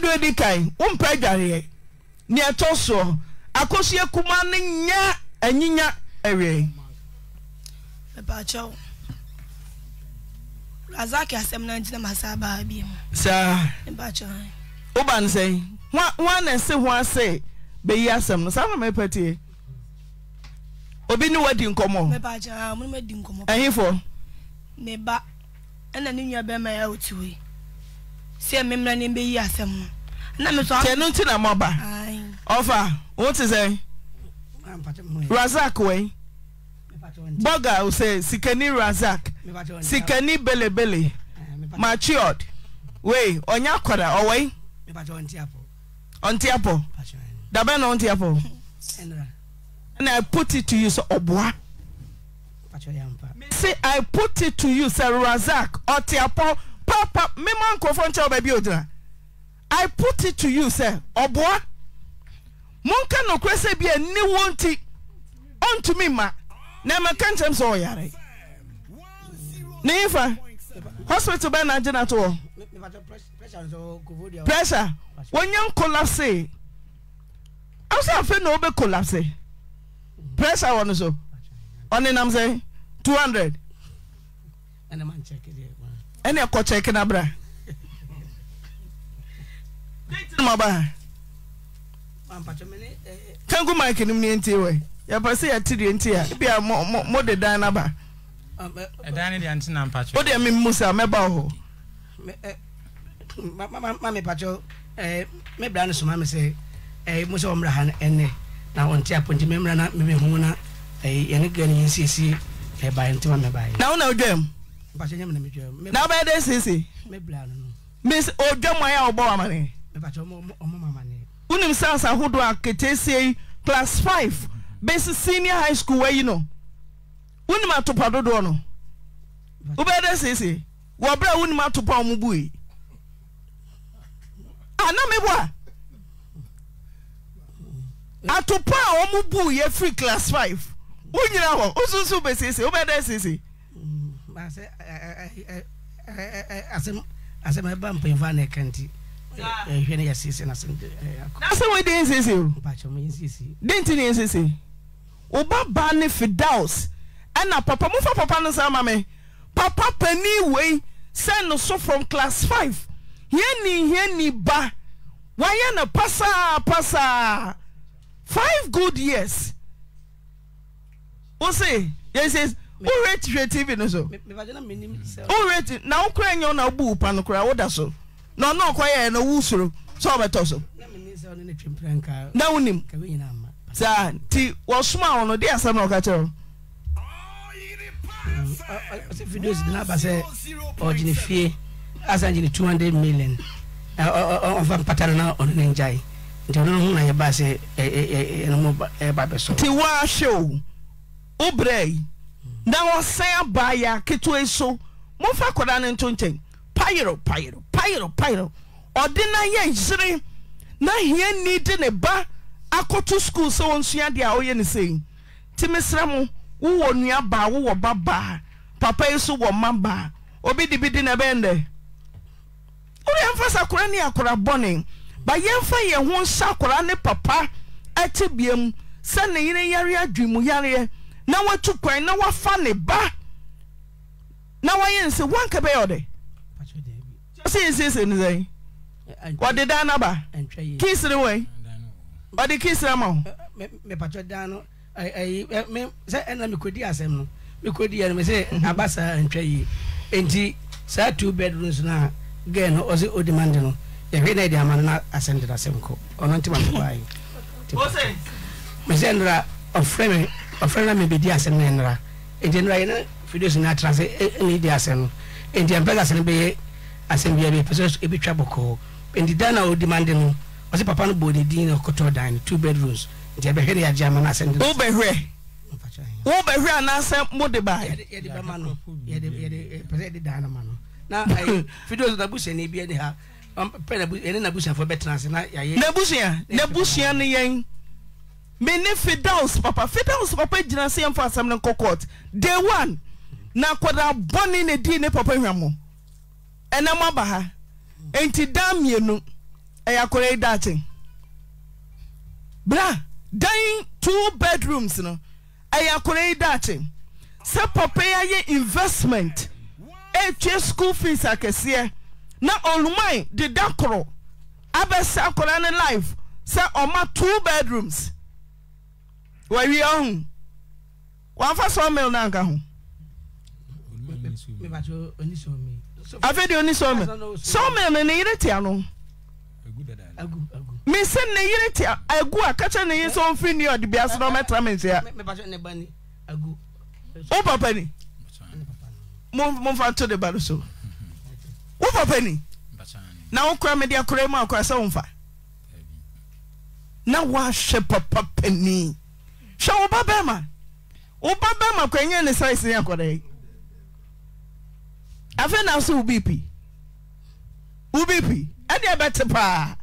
do edi kan wompɛ adwareɛ nea ɛtɔ soɔ akosua kuma ne nya anyinya awie. mepaakyɛw razaki asɛm na ntina ma saa baa bi mu. saa mepaakyɛw. woba ne sɛn hwa na ɛse ho ase bɛyi asɛm no saa na mepɛ tie obi ne wadi nkɔmɔ. mepaakyɛw ne ba ɛna ne nua bɛrima yɛ otiwe. tafwote sɛ rsak wi bgasɛ sikani rsak sikani belebele machio e ɔya kɔraɔwi ɔntapɔ dabɛna tpɔnipti toysɛ ɔai tosɛ i put it to you sir obwa monka no kwese bi ni wanti on to me ma na me kan tem so yare nifa hospital bena na jina to pressure when you collapse i'm saying no be collapse pressure one so only i'm saying 200 and a man check it ɛna ɛkɔ kyɛk na bra kanku mike nim ne nti wɛ yɛpɛ sɛ yɛte deɛ nti a bia mode dan no ba wode memu sa mɛba wo hɔ mepakyɛ mebra no soma me sɛ eh, mu sɛ ɔmmra ha ɛnɛ na ɔnte apɔnti memmra na memɛhu na eh, yɛne ga no yɛnsiesie ɛbaɛ ntima mebaɛ na wona wodwam mpatsɛ nyɛ mina mi twɛ mu. na ɔbɛ de sese. mi bila ano. miss odwa mu ayé a ɔbɔ wama ne. mipatsɛ ɔmɔ ɔmɔ mama ne. wunim sans ahodoɔ a ketesie class five bɛsi senior high school wɛyi no wunim atopa dodoɔ no ɔbɛ de sese wɔ O a wunim atopa ɔmo bui ana mi bɔ a atopa a ɔmo bui yɛ free class five wunyina hɔ osunsun bɛ sese ɔbɛ de sese asɛ ɛɛ ɛɛ asɛm asɛm ɛba mpanyinfo ana ɛka nti ɛhwɛ no yɛsiesie na asɛm ɛkɔ. n'asɛm wo de yɛn siesie o. mpatsɔ mo yɛn siesie. den ti ne yɛn siesie o ba ba ne fidaus ɛna papa mo fa papa no sɛ ma mi papa panin wei send no so from class five yɛni yɛni ba wayɛ no pasaa pasaa five good years. o se yɛn siesie. Uru ti hwɛ tv no eh, so wowerɛ ti na wokora nyɛ na wobu wupa no koraa woda so na ɔne ɔkɔyɛɛ mm, eh, eh, no wo suro sɛ ɔbɛtɔ so na wonim saa nti wɔsoma wo no de asɛm na ɔka kyerɛ wo ɔsɛ videos bi sɛ fie asan million ɔfa mpatara na ɔno ne ngyae nti ɔno no ho na yɛba sɛ bɛ so. ti wahyew wo brɛ na wɔsan abaa ya aketewa yi so momfa akɔda no nto nkyɛn payero payero payero payero ɔde na yɛ na na ni de ne ba akɔto skuul sɛ wɔnsua deɛ a ɔyɛ ne sɛi nti mesrɛ mo wowɔ nnua baa wowɔ ba baa papa yi so wɔ ma baa obi de bi di na ɛbɛn dɛ wodeɛmfa sa akora ne akora bɔne ba yɛmfa yɛn ho nhyɛ akora ne papa ate biam sɛ ne yere yare adwi mu yareɛ na watu kwan na wafa ne ba na wayɛ nsɛ wanka bɛyɛ ɔde sɛ yɛsiesie ne sɛn wɔde daa no ba kis ne wei ɔde kis no ama e, wo sɛ ɛna e mekɔdi asɛm no mekɔdi ɛ no mesɛ aba saa ntwa yie enti saa two bedrooms no a gɛ no ɔsɛ odimande no yɛhwɛ na ɛde e ama no na asɛm deda asɛm kɔ ɔno nti ma Me mesɛ ndra ɔfrɛ me ɔfrɛ na mebɛdi asɛm no ɛnra nti nra yɛne videos no atra sɛ ne di asɛm no nti ɛmpɛ sɛ asɛm bɛyɛ asɛm bia bi pɛ sɛ ɛbɛtwa bɔkɔɔ nti dan na ɔdimande no ɔsɛ papa no bɔɔ ne din na ɔkɔtɔ dan no two bedrooms nti ɛbɛhwɛ de yɛagye ama no asɛm de wobɛhwɛ wobɛhwɛ anaasɛ mode baayɛde bɛma no pɛ sɛ yɛde dan no ma no na videos nabusuani bi ne ha pɛ ɛne nabusuafoɔ bɛtena ase na yɛyɛ nabusua nabusua ne yɛn me ne fidaus papa fidaus papa gyina sɛ yɛmfa asɛm no nkɔ court day one na akwadaa bɔne na di ne papa hwɛ mo ɛnam aba ha nti dan mmienu ɛyɛ akwadaa yi daakye bra dan two bedrooms no ɛyɛ akwadaa yi daakye sɛ papa yi ayɛ investment ɛretwe school fees akɛseɛ na olumai deda koro abɛsɛ akwadaa ne life sɛ ɔma two bedrooms wawie ɔhu wamfa sɔ mil no anka ho afei deɛ ɔni sɔ mil sɔ mil no ne yere te ano mese ne yere te agu a ka kyɛ ne yere sɛ ɔmfiri new york bia so na ɔmɛtra me nhyia wo papa ni momfa nto de ba no so wo papa ni na wokora mede akora mu akora sɛ womfa na woahwɛ papa panin hwɛ wo ba bɛrima wo ba bɛrima kɔnyɛ ne size ne akɔda yi afei na so wo bp wo bp ɛdeɛ bɛte paa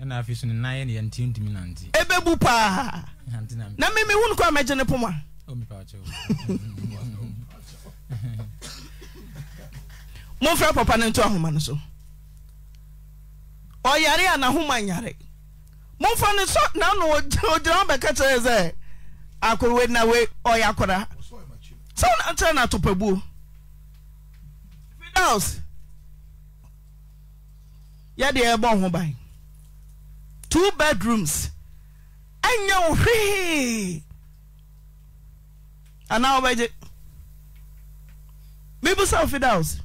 ɛna afei so ne nan yɛ ne yɛnte ntumi nante ɛbɛbu paa na meme wo no kɔ a mɛgye ne poma oh, momfrɛ papa no nto ahoma no so ɔyare a n'ahoma nyare momfɔno snanɔgyira ɔbɛkɛ kyerɛ sɛ ɔyɛra sɛ nakyeɛ natopa bos yɛde bɔho ba two bedrooms ayɛ wo hwee ane mesa fidolsa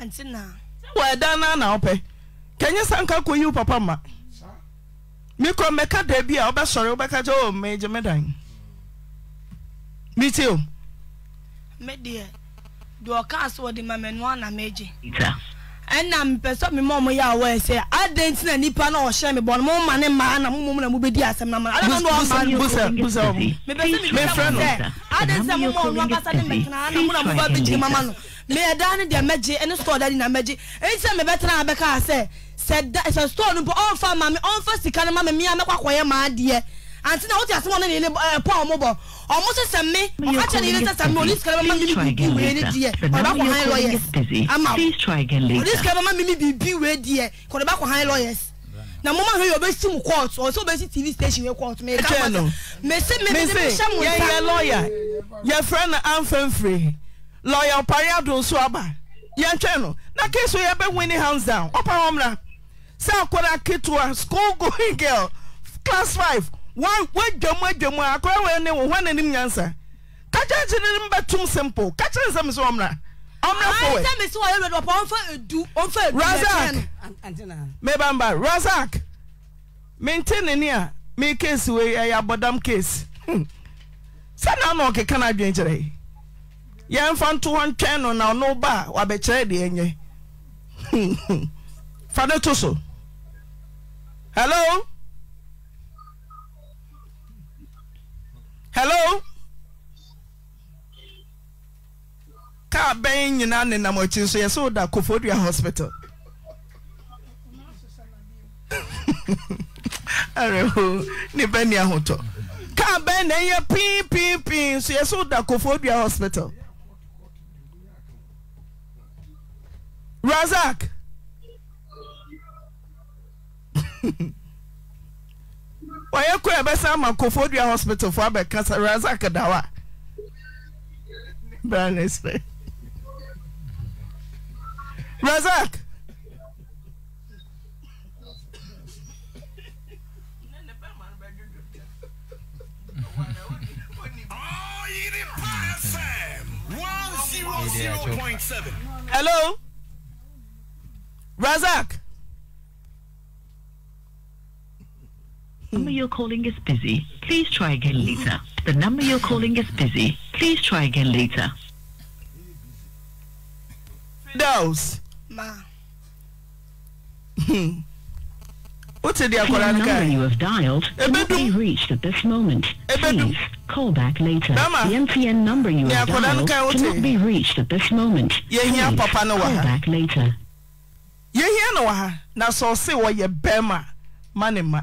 nwoɛ kɛyɛ sanka kɔyiwo papa ma mekɔ mɛka da bi a wobɛsɔre wobɛka kyɛ o oh, megye me dan mete o medeɛ deɛ ɔkaa so wɔde ma m'ano ana megye ɛna mpɛ sɛ mema ɔmo yɛ a wɔyɛ sɛ adɛn nti na nipa na ɔhyɛ me bɔ no moma ne mmaa na momom na mobɛdi asɛm no manaadɛnmebɛsɛ mebisɛ sɛ adɛn sɛ moma ɔno ankasa ne mɛtena na mo na moba bɛgye mama no meyɛ daa ne deɛ mɛgye ɛne sɔɔda di na mɛgye ɛnti sɛ mebɛtena a bɛkaa sɛ sɛ da sɛ store no mpo ɔnfa maame ɔnfa sika no maame mia mɛkɔ akɔyɛ maa deɛ anti na wote asɛm ɔno ne ne ɛpɔ ɔmo bɔ ɔmo sɛ sɛ ɔka kyɛ ne yere sɛ sɛ me sika no bɛma me me biribi ne deɛ kɔde bɛkɔ han lawyers ama ɔne sika no bɛma me me biribi deɛ kɔde bɛkɔ han lawyers na mo ma hwɛ yɛ ɔbɛsi mu court ɔsɛ ɔbɛsi tv station yɛ court mɛ ɛka mo mɛ se mɛ se mɛ hyɛ mo nsa yɛn yɛ lawyer yɛfrɛ no anfɛnfiri lawyer ɔpare adonso aba yɛntwɛn no na case yɛ bɛ win hands down ɔpa wɔn mra. sɛ akɔda ketewa school going girl class 5 woadwamu adwamu a akɔda wɔ ne wo hɔ n'anim nyansa ka kyerɛ nkyɛ ne mbɛtom simple ka kyerɛ nsɛm sɛ ɔmmra ɔmmra fowɛ razak mebamba razak minti ne a me case wei ɛyɛ abɔdam case sɛna na ɔkeka no adwen kyerɛ yɛmfa nto hɔ ntwɛn no na ɔno ba a wabɛkyerɛ deɛ ɛnyɛ fa ne to so Hello? Hello? Kaa bɛn nyinaa nenam akyi nso yɛsɛ woda Kofodua hospital. Arewo nipa ni ahotɔ. Kaa bɛn na ɛyɛ pii pii pii nso yɛsɛ woda Kofodua hospital. Razak. wɔyɛ kɔ ɛbɛsa ama kofodua hospitalfoɔ abɛka sa razak dawa branesɛ razak Hello, Razak. The number you're calling is busy. Please try again later. The number you're calling is busy. Please try again later. Dose. Ma. Hmm. What's the number you have dialed cannot be reached at this moment. Please call back later. The MTN number you have dialed cannot be reached at this moment. Please call back later. Yeah, yeah, no, now so say what your bema, money, ma.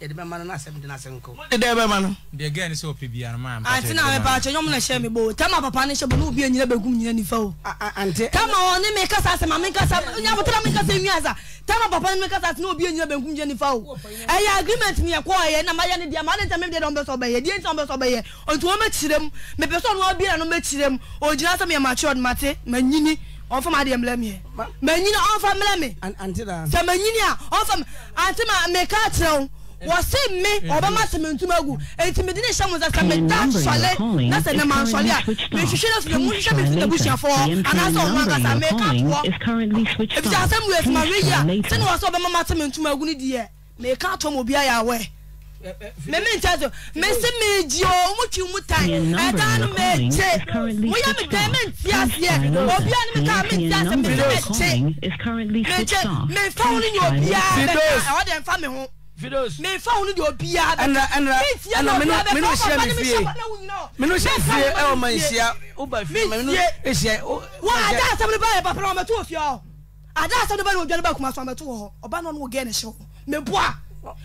yɛde bɛma no nasɛm de nasɛm kɔ dedɛ bɛma no deɛ gɛ ne sɛ ɔpɛ biara ma ante na mepɛ akyɛ nyɔm na hyɛ me bo tama papa ne hyɛ bo ne obi anyina bɛgum nyina nifa o ante tama ɔ ne mekasa asɛm a mekasa nyabotra mekasa nwia sa tama papa ne mekasa asɛm ne obi anyina bɛgum nyina nifa o ɛyɛ agreement me yɛkɔ na mayɛ ne deɛ ma ne ntɛ deɛ dɛ ɔmbɛsɛ ɔbɛyɛ deɛ nti ɔmbɛsɛ ɔbɛyɛ ɔnti wɔmɛkyirɛ m mepɛ sɛ ɔno abiara no mɛkyirɛ m ɔgyina sɛ meyɛ ɔde mate manyini ɔnfa maa deɛ mlɛ mi manyini ɔnfa mlɛ mi sɛ manyini a ɔnfa ante ma meka kyerɛ wo wɔsi mi ɔbɛma sɛ mentum agu eti mi di ne hyɛ mo sɛ mi da sɔle na sɛ ne ma nsɔle a mi hwehwɛ ne firi mu hwehwɛ mi firi ebusuafoɔ anaasɛ ɔmo ankasa mi ka toɔ ebi sɛ asɛm wo efuma wi yia sani wɔ sɛ ɔbɛma ma sɛ mentum agu ne deɛ mi ka toɔ mo bia yɛ awɛ mɛmi nkyɛn so mɛsi mɛgyi o mo twi mu tan ɛdan no mɛgye mo yɛ mi dan mɛ nti aseɛ obi a ne mi ka mi nti aseɛ mɛsi mɛgye mɛgye mɛfa wo ne nyɛ obiara mɛka ɛwɔ de nfa mi ho mefa wo no deɛ obiaamene hyia me fie mene hyia fie ɛwɔ ma nhyia woada asɛm no bayɛ papra ɔmɛto wɔ fie hɔ ada asɛm no ba ne ɔdwane ba kuma so ɔmɛto wɔ hɔ ɔba no ɔno wɔgɛ ne hyew meboa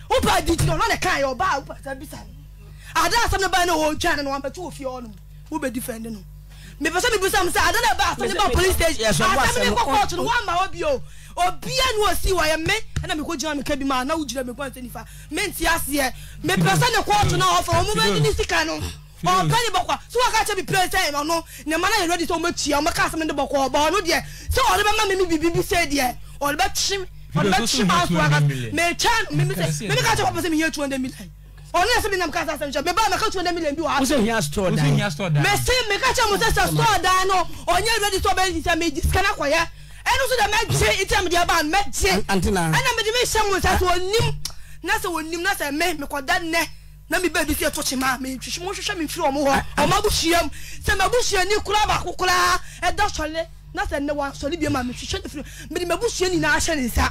wopa di ti no ɔno ne kaeɛ ɔba wopasabisa no ada asɛm no ba ne ɔdwane no ɔmɛto wɔ fie hɔ no wobɛdi fɛnde no mepɛ sɛ mebisa m sɛ ada ne ba asɛm ne ba police station asɛm ne kɔkɔɔto no woamma hɔ bio obia no si wɔ yɛ me ɛna mekɔgyina meka bi ma na wogyina mekwa nsɛ nifa menti aseɛ mepɛ sɛ ne kɔɔto no a ɔfa ɔmo bɛdi ne sika no ɔpɛ ne bɔkɔ so wɔka kyɛ bipire sɛ ɛma no ne ma na yɛ redi sɛ ɔmɛtua ɔmɛka asɛm ne bɔkɔ ɔba ɔno deɛ sɛ ɔde bɛma me me biribi sɛ deɛ ɔde bɛtwe ɔde bɛtwe maaso aka metwa meme sɛ meme ka kyɛ papa sɛ mehia 200 million ɔno sɛ bi ka sasɛm kyɛ meba mɛka 200 million bi wɔ mese meka kyɛ mo sɛ sɛ store dan no ɔnyɛ redi sɛ ɔbɛsɛ megyi sika no akɔyɛ ɛno so dɛ mɛgye nti mede aba no mɛgye ɛna mede mehyɛ mo nsa sɛ ɔnim na sɛ ɔnim na sɛ me mekɔda nnɛ na mi baabi si ɛto kyima mehwehwɛ mo hwehwɛ me mfiri ɔmo hɔ ɔmo abusuam sɛ mabusuani kora baako koraa ɛda sɔle na sɛ nnɛ wansɔle biam a mehwehwɛ ne firi mede mabusua nyinaa hyɛ ne nsa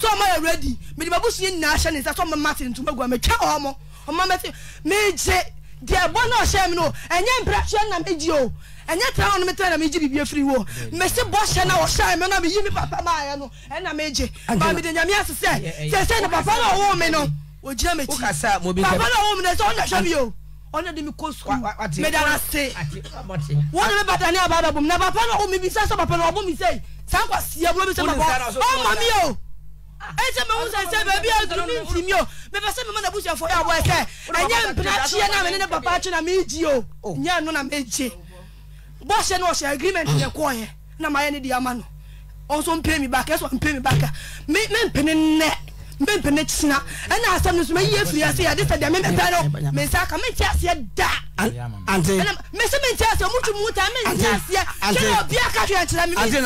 sɛ ɔma yɛ ready mede mabusua nyinaa hyɛ ne nsa sɛ ɔma mate ntoma agua metwa ɔmo ɔma mɛte megye deɛ ɛbɔ na ɔhyɛ me no ɛnyɛ mprɛhwɛ na megye o ɛnyɛ tra hɔ no metɛ na megye biribi afiri wɔ mɛsi bɔhyɛ na wɔhyɛ me na meyi me papa maayɛ no ɛna megye ba mede nyame ase sɛ sɛ sɛ ne papa no ɔwoo me no ɔgyina m'akyi papa no ɔwoo me no sɛ ɔnna hwɛ me o ɔne de me kɔ sukuu meda no ase wɔne me batane abaababɔ m na papa no ɔwoo me bisa sɛ papa no ɔbɔ me sɛ saa nkwa sia bolo bi sɛ papa ɔma me o ɛsɛ mɛ wusa sɛ baabi a dumi nti mi o mɛfɛ sɛ mɛ mɛ n'abusuafo yɛ abɔ ɛsɛ ɛnyɛ mpena kyiɛ na mɛ ne ne papa akyi na mɛ gyi o oh. nyɛ ano na mɛ gye bɔhyɛ mm. no ɔhyɛ agreement yɛ kɔɔ yɛ na mayɛ ne de ama no ɔnso mpɛ mi baaka ɛsɛ mpɛ mi baaka me me mpene nnɛ me mpene kyina ɛna asɛm no so mɛ yie firi ase yɛde sɛ deɛ me mɛpɛ no me nsa aka me nkyɛ aseɛ da ante ɛna me sɛ me nkyɛ aseɛ mo tu mu ta me nkyɛ aseɛ kyɛ na obi aka hwɛ kyerɛ me me nkyɛ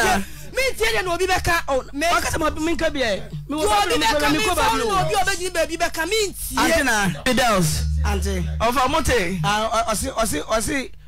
me nkyɛ deɛ na obi bɛka ɔka sɛ mo mi nka biɛ mi wɔ fabiri mi mi wɔ obi ɔbɛgyini baabi bɛka me ntie na bidals ante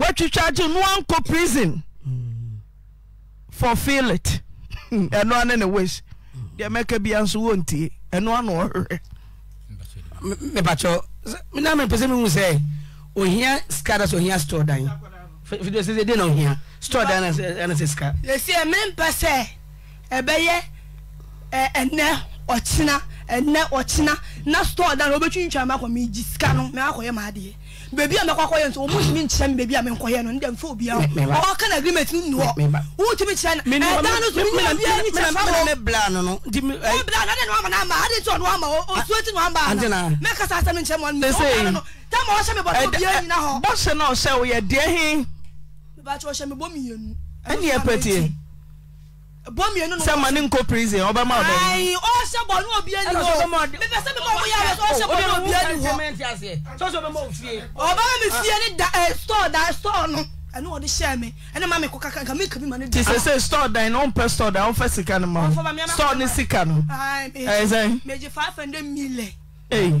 watwitwa gye no ankɔ prison fulfill it ɛno ane ne wish deɛ mɛka bia nso wɔntie ɛno ana ɔhwerɛ mepakyɛ na mepɛ sɛ mehu sɛ ohia sika da sɛ ohia store dan fidie sɛ de na ohia store dan ana sɛ sika yɛsie mempɛ sɛ ɛbɛyɛ ɛnɛ ɔkyena ɛnɛ ɔkyena na store dan obɛtwintwa makɔ megye sika no meakɔyɛ maadeɛ beebi a mɛkɔ akɔyɛ nso ɔmu ntumi nkyerɛ mi beebi a mɛnkɔyɛ no ndɛm fo obiara ɔka na agreement nu nuwɔ wotumi kyerɛ no ɛdan no so mi nyɛ biara ni kyerɛ mbɔ ne bla no no di mi ɛɛ bla no adi ni wama n'ama adi ti ɔno ama osuo ti no ama ana mɛkasa asɛm nkyɛn mu ɔno ɔka no tɛma ɔhyɛ mi bɔtɔ biara nyina hɔ bɔhyɛ na ɔhyɛ o yɛ deɛ hin ɛni ɛpɛtie bọ́ mi ẹnu nù. sẹ́ma ní nkó prison ọbẹ̀ máa bẹ̀. ayi ọ ṣe bọ̀ ní òbí ẹni wo bẹbẹ sẹ bẹ bọ bóyá rẹ ọ ṣe bọ̀ ní òbí ẹni wo. ọba mi fie ni da ẹ store da store nu ẹnu ọdí ṣẹ́ mi ẹni maa mi kọ kankan nka mi kàn mi ma ni da. ti sese store dan na o n pẹ store dan o n fẹ sika ni ma o store ni sika nu. ẹ ẹ sẹ́yìn. méjì five hundred million.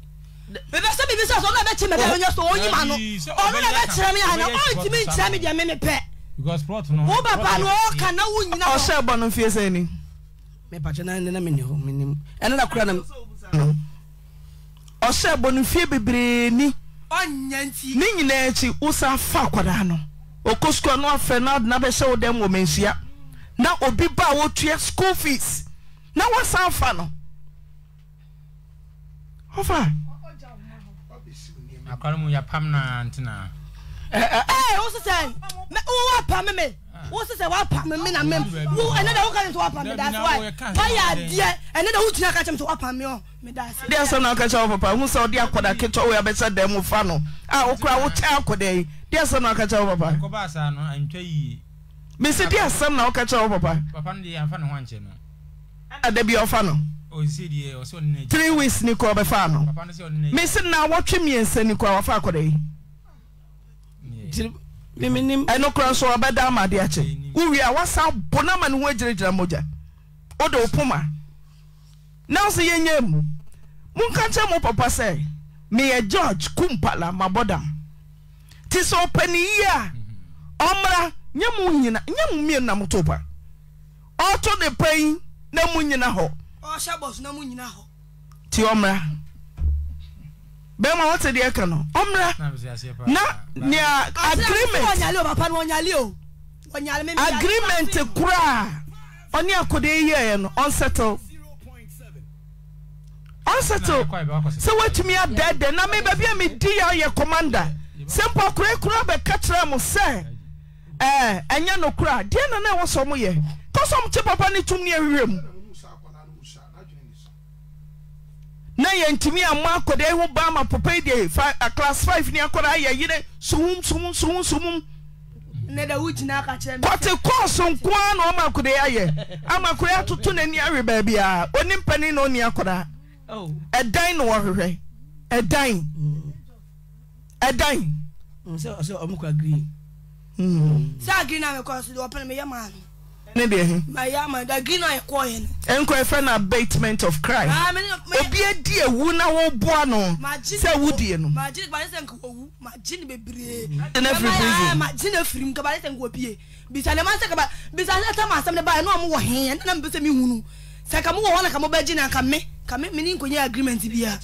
bẹbẹ sẹ bíbí sẹ sọ ọ náà bẹ kyerẹ mi dẹ ẹ ẹ sọ ọ yim ano ọ náà bẹ kyerẹ mi àná ọ ti mi nkyerẹ mi dẹ mi mi pẹ. wo bàbá ni ọ kà náà wò nyina. ọsẹ ẹbọ fiye sẹ ni. mi bàjẹ́ náà nínú mi ni hó mi ni mu ẹni náà kúrẹ́ ní. ọsẹ ẹbọ ní fiye bebree ni. ọnyẹ nti. ní nyinaa ekyi wosan fa akwadaa no okó na ọ̀nà afẹ́ náà ọ̀dùnà bẹ sẹ́ ọ̀dẹ́ mu ọ̀mẹ̀nsíà na obi ba a wotua school fees na wasan fa no. ọfà akwara mu yapam na ntina ɛɛ wosi sɛ mɛ wo wapam mi ah. wosi sɛ wapam mi na mɛm wo ɛnɛ de wo ka ne sɛ wapam mi daasi wa wa yɛ adiɛ ɛnɛ de wo gyina ka kyɛm sɛ wapam mi ɔ mi daasi. deɛ sɛ na ɔka kyɛ wo papa hu sɛ ɔde akɔda ketewa wo yabɛsɛ dɛm mu fa no a okura wo kyɛ akɔda yi deɛ sɛ na ɔka kyɛ wo papa. ɛkɔba asa no antwa yie. mesi deɛ asɛm na ɔka kyɛ wo papa. papa no deɛ yɛmfa ne ho ankyɛ no. ɛdabi ɔfa no. Eh, three weeks ni kwa ɔbɛfa no mesi na wɔtwe mmiɛnsa ni kwa wafa akɔda yi ɛno eh, kora nso ɔbɛda ama adeɛ akyɛ wowie a wasan bo na ma ne moja odo upuma wode wo poma na nso yɛnyɛ mu monka kyerɛ mo papa sɛ meyɛ george kumpala mabɔdam nti sɛ ɔpani yie a ɔmmra mm-hmm. nyɛ na nyina nyɛ mo mmienu na moto pa ɔto ne pa yi na ho ɔhyɛ bɔs na mu nyina hɔ nti ɔmmra bɛrima wote deɛ ka no ɔmmra na nea agreement agreement koraa ɔne akɔdeɛ yɛeɛ no ɔnsettle ɔnsettle sɛ woatumi adɛɛdɛ na me baabi a medi yɛ ɔyɛ commander sɛ mpo akorakora bɛka kyerɛ mo sɛ ɛnyɛ nokora deɛ na na ɛwɔ sɛ ɔmo yɛ kɔ sɛ ɔmkye papa ne tum ne awerɛ mu na yɛntumi amma akɔda ho ba ma papa de class 5 ne akɔda yɛ yere sumum sumum sumum sumum kɔte kɔɔso nko ara na ɔma akɔda ayɛ ama akɔda atoto n'ani awe baabiara oni mpanin na oni akɔda oh. ɛdan na wɔhwehwɛ ɛdan ɛdan. Mm. sɛ ɔmo kɔ agiri. sɛ agiri na mi kɔ so de ɔpɛn mi yɛ maa mi ne deɛ he. mayi ama da gina ɛkɔ yɛ no. nkɔ efɛ na abatement of crime. maa mi ni. ewu na wo bu ano. maa ji ni sɛ wu die no. maa ji ni kabale sɛ nka owu maa ji ni bebree. ɛna efiri prison. maa ji ni efiri mu kabale sɛ nka opie bisa ne ma sɛ kaba bisa ne ta ma asɛm ne ba yɛ n'omu wɔ hɛn yɛn nana mi bɛ sɛ mi hunu sɛ ka mu wɔ hɔ na ka mu bɛ ji na ka mi ka mi mi ni nkonya agreement bia.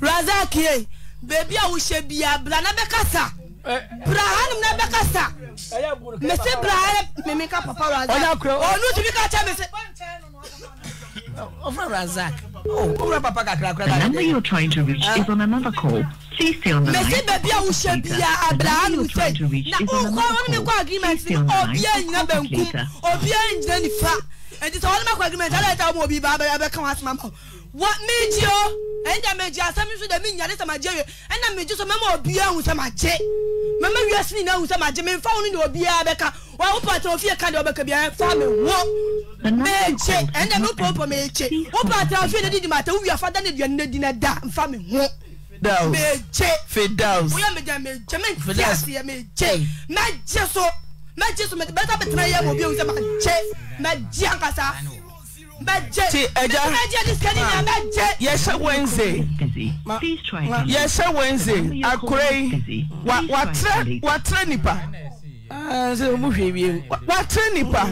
razak ye beebi a brahanom na bɛka oh, oh, sa mese braha memeka papa razɔno tumi ka kyɛ mese ɔfrɛ razak wowura papa kakrakramese baabi a wohyɛ biaa brahanom sɛ na wonkɔwɔne ne kɔ agreement obia nyina bankum obia nyina nifa nti sɛ wɔne makɔ agreement alɛta ma obi baa bɛka wo asɛma ma wa megye o ɛnda megye asɛm nso dɛ menyade sɛ magye wie ɛna megye so mɛma obiaa hu sɛ magye mɛma wiase nyina hu sɛ magye memfa wo no deɛ obiaa bɛka wo patena ofie ka deɛ wobɛka biaa fa me ho megye ɛnda mepɔpɔ megye wo patena ofie no didi mata wowiafa da ne duane no di no da mfa me ho megye fidaus woyɛ megya megye menti aseɛ megye mɛgye so mɛgye so bɛsa bɛtena yɛ ma obi hu sɛ magye mɛgye ankasa ti ẹja yẹhyẹ wednesday yẹhyẹ wednesday akora yi watrẹ watrẹ nipa ah, watrẹ nipa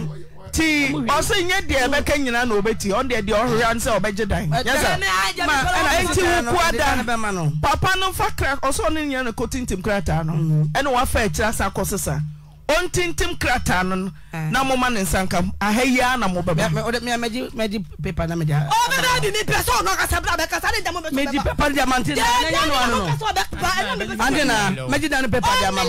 ti ọsẹ nye deɛ ɛbɛka nyinaa na obeti ɔn deɛ deɛ ɔhwehwɛ ansɛ ɔbɛgye dan yasa ma ɛna eti wuku ada papa no fa kra ɔsɛ ɔne nyinaa na ko tintim krataa no mhm. ɛna wafa ɛkyerɛ asa kɔ sisan ɔntintim krataa no no eh. na moma ne nsa nka aha yia na mobɛbamɛgye pepa na mede pepa de ama ntena mɛgye da no pepa de ama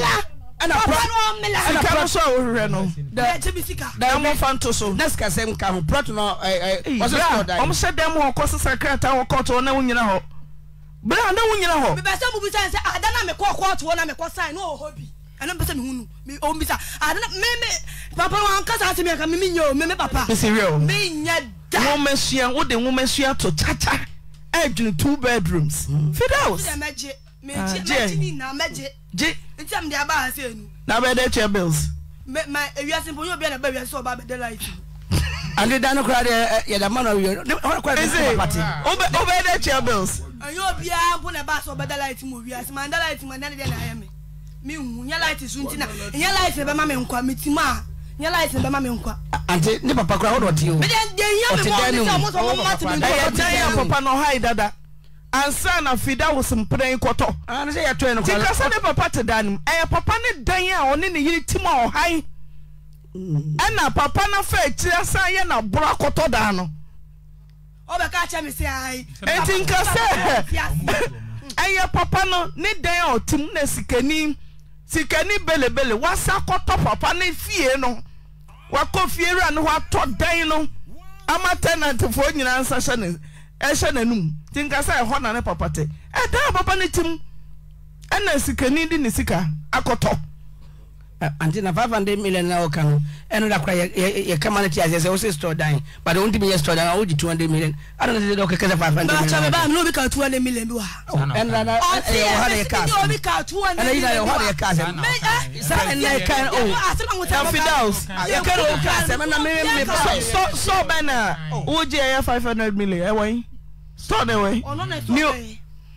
ɛna mpɛ sɛ mehunu ɔmbisa ade na meme papa wankasa asɛm yɛka memenyɛ o meme papa menyɛ da nwoma sua wode nwoma sua to kyakya ɛdwene two bedrooms mm. fidousgye ah, na bɛdɛ kyɛ bills adeda no kora deɛ yɛda ma no wobɛdɛ kyɛ bills ɛnyɛ obiaa mpo na ɛba sɛ ɔbɛda light mu owiase manda light mu ɛnɛ ne deɛ na ayɛ me mihu nyɛ light so nti na nyɛ light ma me nkwa metim a nyɛ light bɛma me nkwa ante ne papa kora wode ɔte hoɛyɛ papa no ɔhae dada ansa na fida wo sempere kɔtɔ ti ne papa te da nem ɛyɛ papa ne dan a ɔne ne yere tim a ɔhae ɛna papa no fa akyiri asan yɛ naboro akɔtɔ daa no ɔbɛka kyɛ me sɛ ae ɛnti nka sɛ ɛyɛ papa no ne dan a ɔtem na sikanim sikani belebele wasa akɔtɔ papa ne fie no wakɔ fie ra ne watɔ atɔ dan no ama tɛnantifoɔ nyinaa nsa hyɛ ne ɛhyɛ n'anum nti nkasa ɛhɔ na ne papa te ɛdan papa ne tim ɛna sikani di ne sika akɔtɔ. Eh, anti na five hundred million na ɔka no ɛno da kora yɛ kama no te aseɛ sɛ wosɛ store dan but wontumi yɛ store dan a wogye two hundred million ano na sɛ dɛ ɔkɛkɛ sɛ five hundred million baa na obi ka two hundred million bi wɔ ha ɛnna na ɛwɔ ha na yɛ kaa sɛ ɛnna yi na yɛ wɔ ha na yɛ kaa sɛ saa ɛnna yɛ kaa o ɛfidaus yɛ kaa o kaa sɛ ɛnna mi mi ba store bɛn na wogye ɛyɛ five hundred million ɛwɔ eh, yi store de wɔ yi new.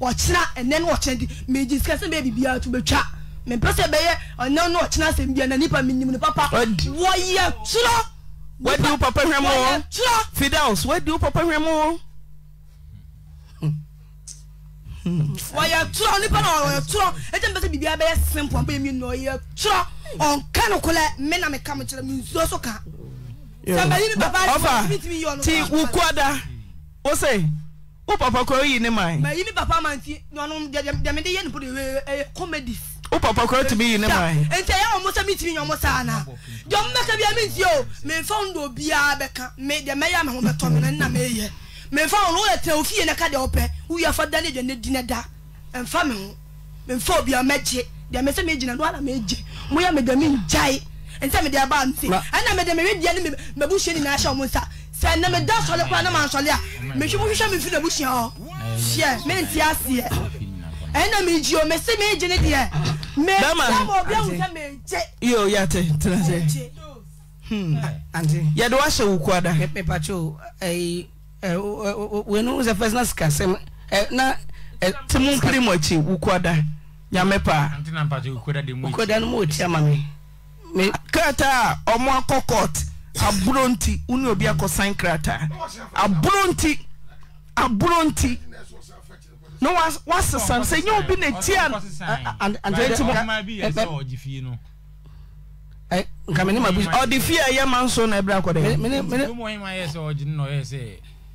ɔkyena ɛnɛ no ɔkyena di megye sika sɛ bɛyɛ biribiara to bɛtwa mempɛ sɛ bɛyɛ ɔnɛ no ɔkyena asɛm bia na nipa menim no papa wɔyɛ toro wadi wo papa hwɛ mo fidels wadi wo papa hwɛ mo wɔyɛ toro nipa na ɔyɛ toro ɛkyɛ mpɛ sɛ biribiara bɛyɛ simple mpɛ mi na ɔyɛ toro ɔnka no kolɛ me na meka me kyerɛ me nsuo so ka sɛ mbɛyi ne papa ti wo kuada wo sɛ wo papa kora yi ne man. mɛ yi ni papa ma nti ɔno dɛmɛde yɛ nipo de ɛɛ eh, ɛɛ eh, comedies. papa kora tumi yi ne man. nti ɛyɛ wɔn sɛ mi tumi nyɛ wɔn saa na jɔn bɛ kɛ bi ɛmi nti o mɛ nfa ndo biara bɛ kan mɛ deɛ yɛ ama na nna mɛ yɛ mɛ nfa wɔn wɔyɛ tɛ ofie ne ka deɛ ɔpɛ wuyi afa da ne deɛ ne di ne da nfa mi ho mɛ nfa obi a mɛ gye deɛ sɛ mɛ gyina do ala mɛ gye mo yɛ mɛ deɛ mi ngyae nti mɛ deɛ ba sɛ ne meda sɔle kora ne mansɔle a na mehwe mo hwehwɛ mefi nabusua hɔ hwɛ mente aseɛ ɛne na megye o o mese megye ne deɛ mɛmaobiahusɛ megye yɛde woahyɛ wo kuada mepatwo wenu sɛ fɛs na sikasɛm na te mo mpere mu akyi wo kuada nyame paa wokuada no ma ɔtia ma me krataa a ɔmo akɔ court aburo nti wone obi akɔ san krataa aburo nti aburo nti na wasesa no sɛ nyɛ obi na tia nkamene ma busu ɔde fie a ɛyɛ ma nso na ɛbrɛ akɔ dɛ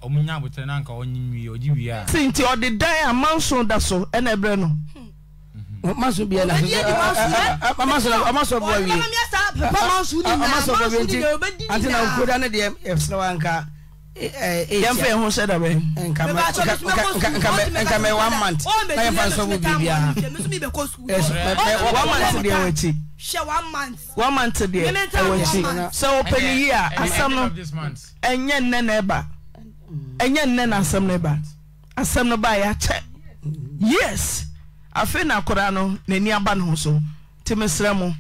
ɔmunya abotire na nka ɔnyi wie ɔgye wie a. dan a ma da so ɛna ɛbrɛ no. Hmm maso bia na maso maso bua wi papa maso ni na maso bua wi nti anti na nkoda ne de efsena wanka yẹn fẹ ẹhun sẹ dàbẹ nkamẹ one month na yẹn fa nsọ bu biribi aha one month deɛ wɔ akyi one month deɛ ɛwɔ akyi sɛ ɔpɛni yi a asɛm no ɛnyɛ nnɛ na ɛba ɛnyɛ nnɛ na asɛm no ɛba asɛm no ba yɛ akyɛ yes. afe na akwadaa no n'ani aba ne ho so nti mesrɛ mo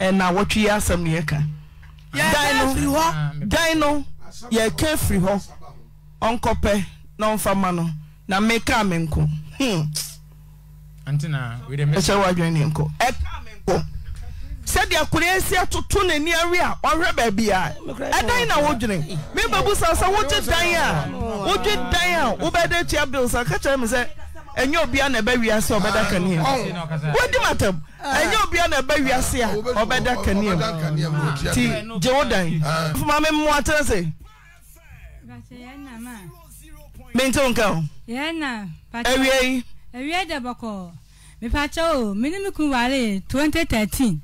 ɛna wɔtwe yi ka ne yɛka ah, dan no yɛka firi hɔ ɔnkɔpɛ na ɔmfa ma nọ na meka me nkụ hmm. ɛkyɛ woadwene ne nko nkụ me nko sɛdeɛ akwadaa asi atoto n'ani awe a ɔhwɛ baabi a ɛdan na wodwene mebabu sa sɛ wogye dan a wogye dan a wobɛda atua bills a kacha kyerɛ me ɛnyɛ obia na ɛbɛ wiase ɔbɛda ah, kanea mu wodi matam ɛnyɛ obia na ɛbɛ ah. wiase a ɔbɛda kanea mu ti gye wo dan ah. fuma me mmoa tena se mente wo nka wo awie yi awie da bɔkɔɔ mepakyɛ o mene me kun ware 2013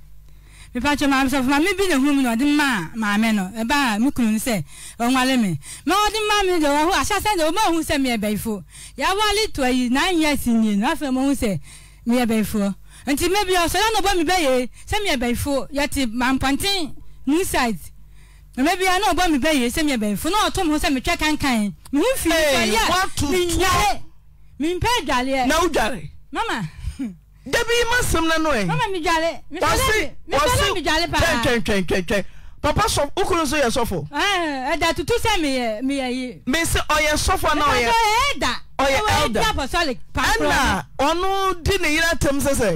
mepatwa maame sɔfo maame bi na ehunu na ɔde maa maame no ɛbaa mi kunu no sɛ ɔnwale mi mɛ ɔde maa mi de ɔho ahyɛsɛ de ɔmo ohun sɛ mi ɛbɛyifo yawale to ayi nine years nyi no afei mo ohun sɛ mi ɛbɛyifo nti mebi ɔsɔlɔ na ɔbɔ mi bɛyɛ sɛ mi ɛbɛyifo yɛte mampɔnten new side mẹbi a náà bọ mi bẹyẹ sẹmi ẹbẹyẹfo náà tó mi ho sẹ mi twẹ kankan mi hu fi mi fọ mi nyare mi mpẹ dwale mama. gabi ma sɛm na no papa wokosoyɛ sɔf s ɔyɛ sɔfonɛ ɔno di ne yera atam sɛ sɛ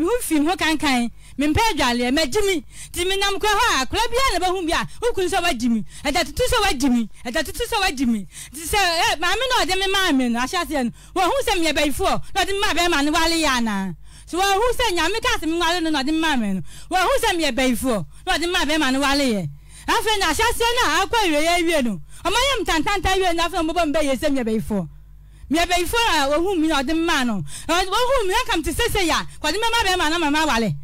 ewo dwae mempɛ adwaleɛ magye me nti menam kora hɔ a kora biaa na bɛhu bi a wokunu sɛ woagye me ɛda tutu sɛ woagye me ɛda tutu sɛ woagye me nti sɛ maame na ɔde me maa me no ahyɛ aseɛ no wɔhu sɛ meyɛ bayifoɔ na ɔde me maa bɛrima no waleyɛ anaa so wɔhu sɛ nyame ka sɛ mewale no na ɔde me maa me no wɔhu sɛ meyɛ bayifoɔ na ɔde me maa bɛrima no waleyɛ afei na ahyɛ aseɛ no a akɔ awieɛ awie no ɔmayɛ mtantanta awie no afei ɔmbɔbɔ mbɛyɛ sɛ meyɛ bayifoɔ mìɛbɛyìfo a ohun mi na ɔdi mma no ohun mi na kam ti sese ya kɔdi mɛma bɛrima na mama wale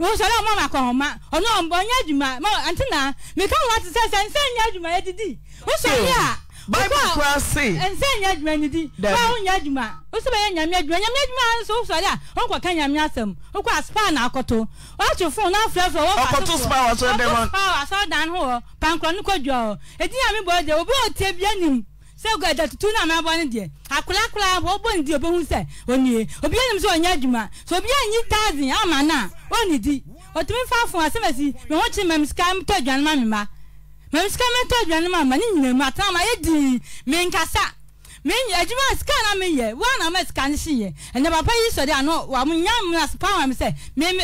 wosɔre ɔmo ma ɔno ɔmo ɔnyɛ adwuma mo ante na meka ho ate sɛ sɛ nsa nyɛ adwuma yɛ didi wosɔre a bible kura se nsa nyɛ adwuma yɛ didi wɔn nyɛ adwuma wosi bɛyɛ nyame adwuma nyame adwuma nso wosɔre a wɔn kɔ ka nyame asɛm wɔkɔ aspa na akɔto wɔato fon na afurafura wɔkɔ asopɔ ɔkɔto spa wɔ asɔre dan hɔ ɔkɔto spa wɔ asɔre dan hɔ pankurɔ no kɔ dua hɔ edi nyame bɔ de obi a otie bi anim sɛ gu ɛda tutu na mabɔ ne deɛ akolakora wɔbɔ ne deɛ obɛhu sɛ onie obi anim sɛ ɔnyɛ adwuma sɛ obi anyi taazin ama no a ɔne di ɔtumi fa afo asɛm asi mɛ ho kye mɛm sika mtɔ aduane ma me ma mɛm sika mɛtɔ aduane ma ma ne nyina mu atena ma yɛ dii menkasa menyi adwuma sika na na ma sika no hyehyɛ ɛnɛ papa yi sɔ de ano wa mo nya mo asepa wa me sɛ meme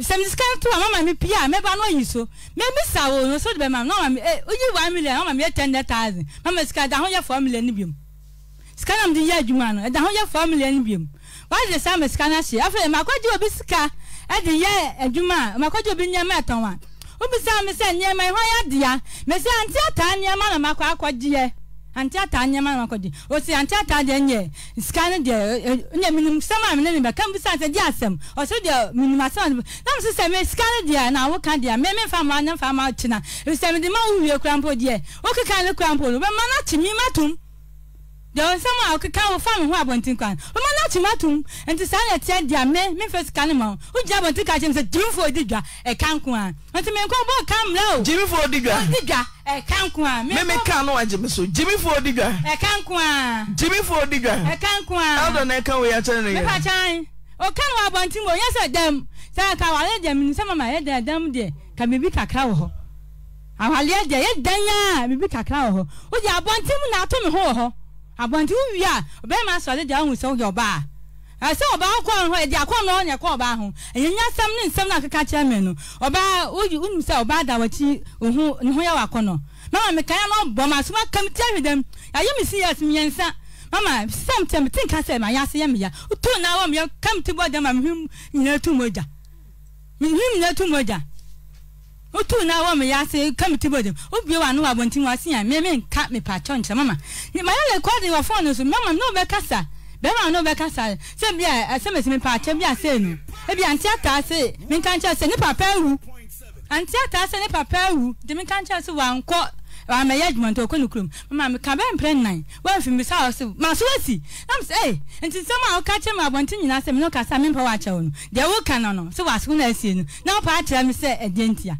sẹmi sika tó a mama mi pia mẹba náà yin so mẹbi sa o yẹn so de bẹ ma náà mami ẹ oyi one million mama mi yẹ ten thousand mama sika ẹda ho yẹ four million ni bi mu sika náà mi ti yẹ adwuma no ẹda ho yẹ four million ni bi mu wáyé de sáà mi sika náà ṣe afẹ mako gye obi sika ẹdi yẹ adwuma mako gye obi nneɛma ɛtɔn wa obi sáà mi sɛ nneɛma ɛhɔ yɛ adeɛ mɛ sɛ ante ataa nneɛma na mako akɔ gyeɛ. anti ata nyɛma di wakɔgye osi anti ata deɛ nyɛ sika deɛ nyɛ minim sɛm a mene ne bɛka mbusa sɛ gye asɛm ɔso deɛ minim asɛm na mso sɛ me sika deɛ na woka deɛ me memfa ma nyɛmfa ma kyena ɛfisɛ mede ma wo wie kora mpo deɛ wokeka ne kora mpo no bɛma no akye mi matom deɛ nsɛm a ɔkeka wɔ fam ho abɔnten kwan ɔma no akyim atom nti saa na ɛteɛ deɛ me memfa sika no ma wo wogyina abɔnten ka kyɛm sɛ gyimifoɔ di dwa ɛka nko a nti menkɔ bɔ ka mmra o gyimifoɔ di dwa di dwa ɛka nko a meme ka no wagye me so gyimifoɔ di dwa ɛka nko a gyimifoɔ di dwa ɛka nko a adɔ na ɛka wei akyɛne no yɛ mepa kyɛn ɔka no wɔ abɔnten wɔ yɛ dɛm sɛ ka wale deɛ menisɛ mama yɛ dɛ dɛm deɛ ka biribi kakra wɔ hɔ awaleɛ deɛ yɛ dɛn a biribi kakra wɔ hɔ wogye abɔnten mu na ato me ho wɔ hɔ abɔnten wi a ɔbɛrima asɔre de ahu sɛ ɔyɛ ɔbaa ɛsɛ ɔbaa kɔn ho ɛdi akɔn na ɔnyɛ kɔn ɔbaa ho ɛyɛ nyɛ nsɛm ne nsɛm na akeka kyerɛ mɛ no ɔbaa oyi unu sɛ ɔbaa da wɔkyi ohu ne ho yɛ wakɔ no mama mi kan na ɔbɔ ma so kam tia hwi dɛm yɛayɛ mi si yɛ si mmiɛnsa mama sɛm tɛm ti nka sɛ ma yɛ ase yɛ mi ya tu na awɔ mi yɛ kam ti bɔ dɛm a mi hwi nyinaa tu mo gya mi hwi nyinaa tu mo gya wotu na awɔ mi yase ka mi ti bɔ dem obie wa anu wa bɔ ntin wa si yan mɛ mi nka mi pa kyɔ nkyɛn mama ma yɛ lɛ kɔ de wɔ fɔɔnu so mama n'o bɛ kasa bɛrima n'o bɛ kasa sɛ bi a ɛsɛ mi si mi pa kyɛ bi a se nu ebi anti ata se mi nka nkyɛn se ne papa ewu anti ata se ne papa ewu de mi nka nkyɛn se wa nkɔ wa mɛ yɛ jumɛn to ko ne kurom mama mi ka bɛ mpere nnan wa nfin mi sa ɔsi ma so esi na mi sɛ ee nti sɛm a ɔka kyɛ mi abɔnten nyinaa sɛ mi n'o kasa mi mpa wa kyɛw no deɛ wo ka no no sɛ wa so na esi no na ɔpa akyerɛ mi sɛ ɛdeɛ ntia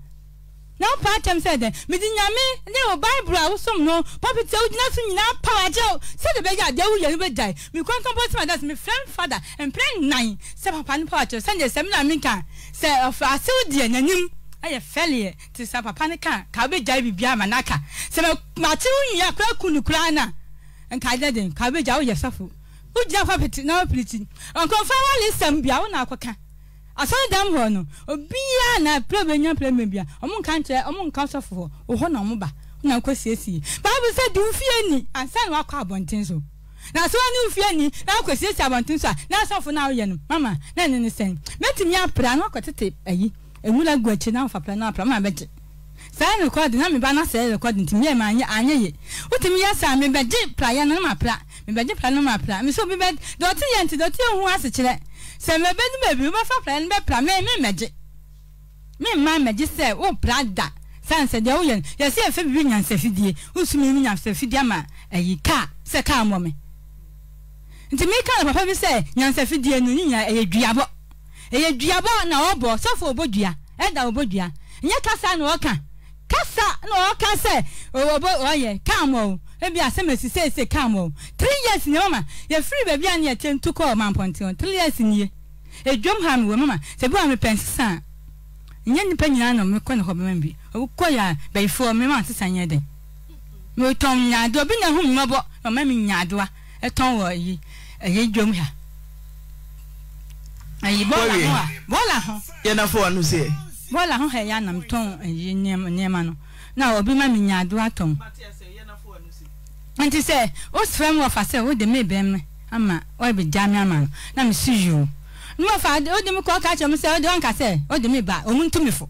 na wo paa kyɛm sɛ dɛn mede nyame ne wo bible a wosom no pɔpita wogyina so nyinaa paw agyɛ wo sɛde bɛgya adeɛ woyɛ no bɛgyae mekonkɔmpɔ sɛ madas mefrɛm fada mprɛ nan sɛ papa no paw akyerɛ sɛndeɛ sɛm na meka sɛ asew deɛ n'anim ɛyɛ fɛleɛ te sɛ papa no ka ka wobɛgyae biribia ma naka sɛ makye wo nyia kora ku no koraa na nka dɛ den ka wobɛgya woyɛ sɔfo wogyina kɔ pete na wopiriti nkurɔfoɔ wale sɛm bia wo na akɔka asɔndam hɔ no obiara na plɛbɛ nya plɛbɛ bia ɔmo nka nkyerɛ ɔmo nka sɔfo hɔ ɔhɔ na ɔmo ba na nkɔ siesie baabu sɛ di nfie ni ansan na wakɔ abɔnten so na asɔn ne nfie ni na akɔ siesie abɔnten so a na asɔfo na ayɛ no mama na ne ne sɛn mɛtumi apra na ɔkɔ tete ayi ewula gu akyi na nfa pra na apra ɔmo abɛgye saa rekɔdi na meba na sɛɛ rekɔdi ntumi yɛ ma anyɛ anyɛ ye wotumi yɛ saa mebɛgye pra yɛ no ma pra mebɛgye pra no ma pra mesɛ obi bɛ dɔte yɛ nti dɔte yɛ hu asekyerɛ sɛ mɛbɛdu baabi wobɛfa pra no bɛpra me memmɛgye memma mmɛgye sɛ wopra da san sɛ deɛ woyɛ no yɛsɛ yɛfɛ biribi nyansafidie wosumi mu nyansafidie ama ayi kaa sɛ kaa mmɔ me nti meka no papa bi sɛ nyansafidie no ne nyina ɛyɛ duabɔ ɛyɛ duabɔ na ɔbɔ sɔfo ɔbɔ dua ɛda ɔbɔ dua nyɛ kasa na ɔka kasa na ɔka sɛ ɔbɔ ɔyɛ kaa mmɔ o ebi asɛm esi say, kam wɔm three years nye mama yɛfiri baabi a ne yɛte ntu kɔɔ mampɔnten wɔn three years e mama wa mi pɛn sisan nye nipa quoi na a ne hɔ bɛma bi okɔ e yɛ bɛyifoɔ mema sisan nyɛ dɛ metɔn a bi na ho no mama mi nyaadoa ɛtɔn e wɔ yi ɛyɛ dwom Il a bɔɔla no a un na obi ma mi nti sɛ wosrɛ me wɔfa sɛ wode me bɛn me ama wɔbɛgya me ama no na mesi yio nmɔfa wode me kɔ ka kyerɛ me sɛ wode wɔnka sɛ wode me ba ɔmu ntomi fo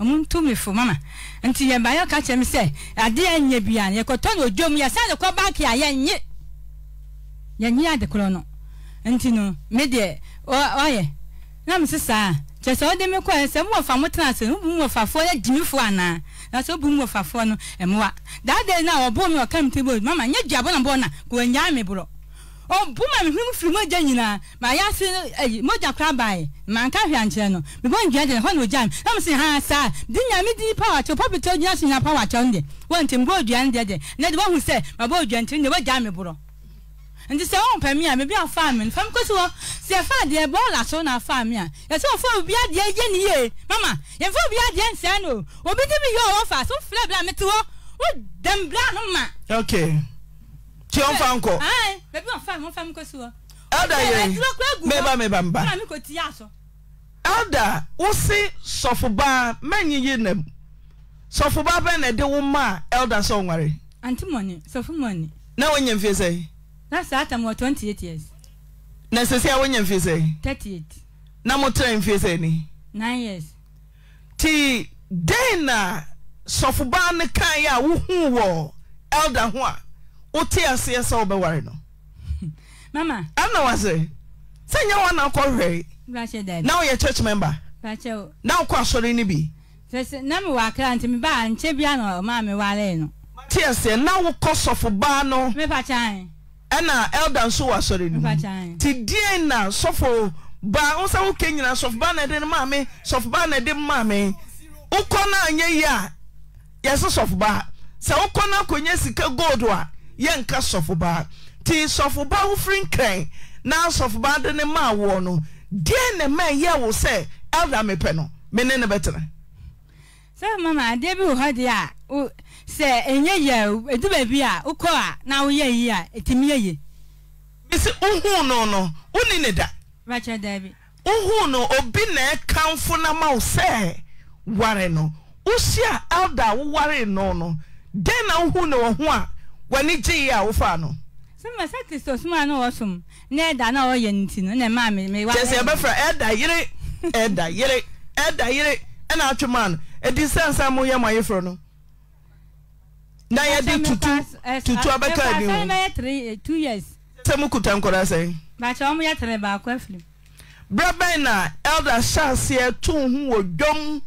ɔmu ntomi fo mama nti yɛba yɛ ka kyerɛ me sɛ ade ɛnyɛ bia yɛkɔtɔ no odwom yɛsan de kɔ baake a yɛnye yɛnye ade korɔ no nti no me deɛ ɔyɛ na mese saa kyerɛ sɛ wode me kɔɛ sɛ mowɔfa mo tena ase mowɔfafoɔ yɛ fo anaa na sɛ obu mu wɔfafoɔ no ɛmoa daa de na ɔbɔ mi ɔka mi table mama nye duabɔ na bɔ na kò wɔnyaa mi borɔ ɔbu ma mi hwim firi mogya nyinaa ma ayɛ ase ayi mogya kora baeɛ ma nka hwɛ ankyerɛ no mebɔ ndua de hɔ na ogya mi na mo se ha saa de nyame din pa wakyɛw pɔpi tɔ gyina so nyina pa wakyɛw no deɛ wɔnti mbɔ odua no deɛ deɛ na de wɔhu sɛ mabɔ odua nti ne wɔgyaa mi borɔ nti sɛ wɔn pɛmi a beebi afa mi fam kosi hɔ sɛ ɛfa adeɛ bɔɔl aso na afa mi a yɛsɛ ɔfa obi adeɛ gye ne yie mama yɛfa obi adeɛ nsɛn no obi ti bi yɛ ɔfa so filɛ bila mi ti hɔ o dɛm bila no ma. ok tí o fa nkɔ. ɛn beebi ɔfa mi ɔfa mi kosi hɔ. ɛda yɛ mɛba mɛba mba. ɛda wosi sɔfoba mɛnyi yi nam sɔfoba bɛ na ɛde wo ma ɛlda sɛ ɔnware. anti mɔni sɔfo mɔni. na wɔnyɛ mfie ɛwya fɛ na motrɛ mfi sɛaninti dɛn na sɔfobaa no kaeɛ a wohu wɔ elde ho a wote aseɛ sɛ wobɛware nonawos sɛ nyɛ woana kɔhwɛe na woyɛ church membe na wokɔ asɔre no bioteaseɛ na wokɔ sɔfobaa no ɛna elda nso wɔ asɔre no Ti te na sɔfo ba wo sɛ woke nyina sɔfo baa na ɛde no maa me sɔfo baa na ɛde maa me wokɔ no anyɛ yi a yɛse sɔfo baa sɛ wokɔ no akɔnya sika gold a yɛnka sɔfo baa nti sɔfo baa wofiri nkran na sɔfo baa de ne maa woɔ no deɛ na ɛma ɛyɛ wo sɛ elda mepɛ no me ne ne bɛtena sɛ mama adeɛ bi wɔ hɔ deɛ a sɛ ɛnyɛ yɛ ɛdu baabi a wokɔ a na woyɛ yi a yɛ yie. bisi nhun no no ne da. no obi na ɛkanfo na ma sɛ ware no wosi a elda no no na nhun no wɔ a w'ani gye yi a wofa no. sima na na ɛda na ɔyɛ ne na mi mi wa. ɛbɛfra ɛda yɛde ɛaɛksɛ eh, berɛ bɛn na elder sanseɛ to ho wɔ dwam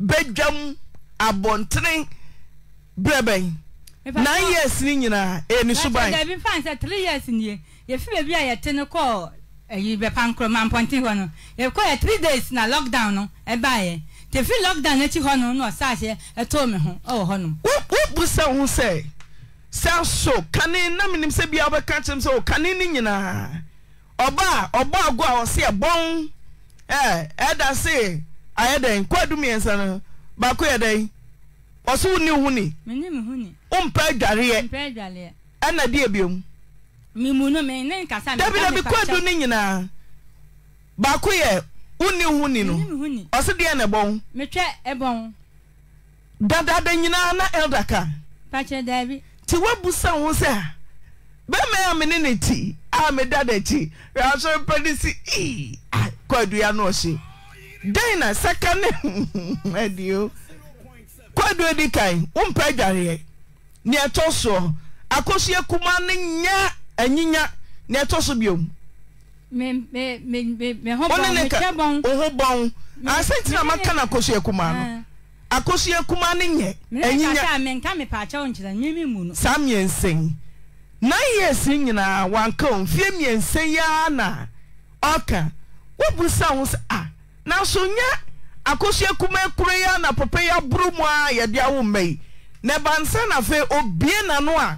bɛdwam abɔntene berɛ bɛn years ne nyinaa yni sba ysfbyɛe nyɛ 3 daysnalockdown no eh, bɛ tefi lockdown n'akyi hɔ no na ɔsa ahyɛ ɛtɔɔ mi ho ɛwɔ hɔ nom. wobu sɛ ho sɛ sɛ so kane nam nim sɛ bia wobɛka kyerɛm sɛ o kane ne nyinaa ɔba a ɔbɔ ago a ɔse ɛbɔn ɛɛ ɛda se ayɛ dɛn kwadu mmiɛnsa no baako yɛ dɛn ɔso wo ne ho ni. mene me ho ni. wompɛ adwareɛ. mpɛ adwareɛ. ɛna eh, deɛ biom. mimu no me ne nkasa. dabi dabi kwadu ne nyinaa baako yɛ wonni ho ni no ɔse deɛ na ɛbɔ metwɛ ɛbɔ dadada nyinaa na elda ka pakyɛ daabi nti woabu sa wo sɛ a bɛma a ne ti a meda dakyi hwɛasɔre pɛ ne si kɔ adua no ɔhye dɛn na sɛka ne adio kɔ adua di kan wompɛ adwareɛ nea ɛtɔ soɔ akɔsoɛ kuma no nya anyinya Ni ɛtɔ so biom me me me me me ho bɔn me kyɛ bɔn o ho bɔn asɛnti na ma ka na akosi ekuma no ah. akosi ekuma ne nyɛ ɛnyinya mɛ kasa mɛ nka mi paakyɛw nkyerɛ nye mi mu no saa mmiɛnsa yi nine years nyinaa wanka o mfie mmiɛnsa yi ara na ɔka wobu sa a nanso nyɛ akosi ekuma ekuro yi na papa yi aburo mu a yɛde awo mma yi na bansa na afei obie n'ano a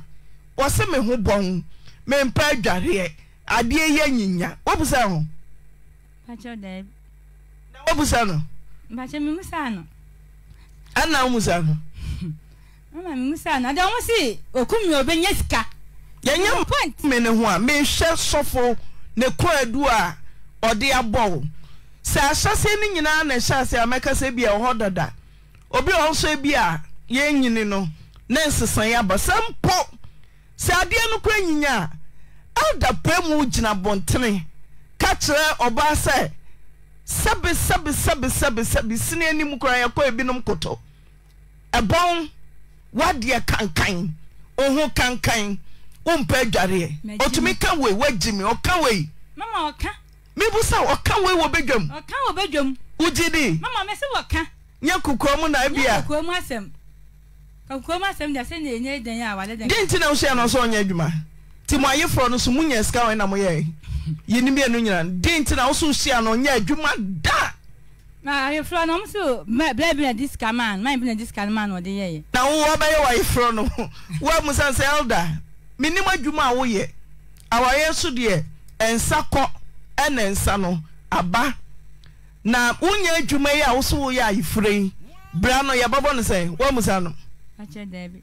wɔsɛ me ho bɔn mɛ mpa adwareɛ. adeɛ yɛ nyinya wobusa ho wobusa no ana womusa no yɛnyɛ me ne ho a mehwɛ sɔfo ne kwaadu a ɔde abɔ wo sɛ ahyɛseɛ no nyinaa na ɛhyɛ ase a mɛka sɛ bi a ɔhɔ dada obi a ɔnso bi a yɛnyini no ne nsesaeɛ aba sɛ mpo sɛ adeɛ no kora nyinya a adapa mu gyina bɔntene ka kyerɛ ɔbaa sɛ sɛbisɛbɛbɛsɛbi seneanim kora yɛkɔa binom kotɔ bɔn woadeɛ kankan ɔho kankan wompɛ adwareɛ ɔtumi ka wei woagyimi ɔka wei mibu sɛ ɔka wei wɔbɛdwamu wogyidi yɛ koko mu nabagentinwɛɛnosɔyɛadwuma nti mo ayeforɔ no so munya sika wɔn na mo yɛ yɛnimienu nyina den nti na woso hyia no ɔnyɛ adwuma da na ayeforɔ no nso bẹẹ bi na di sika maa maa bi na di sika maa na ɔde yɛ yɛ. na wo ɔbɛyɛ wɔ ayeforɔ no wo amusan sɛ elda minim adwuma a woyɛ awareɛ nso deɛ nsa kɔ na nsa no aba na wonya adwuma yi a woso woyɛ ayeforɔ yi bra no yɛbɛbɔ no sɛ wo amusan no. akyɛ dɛbi.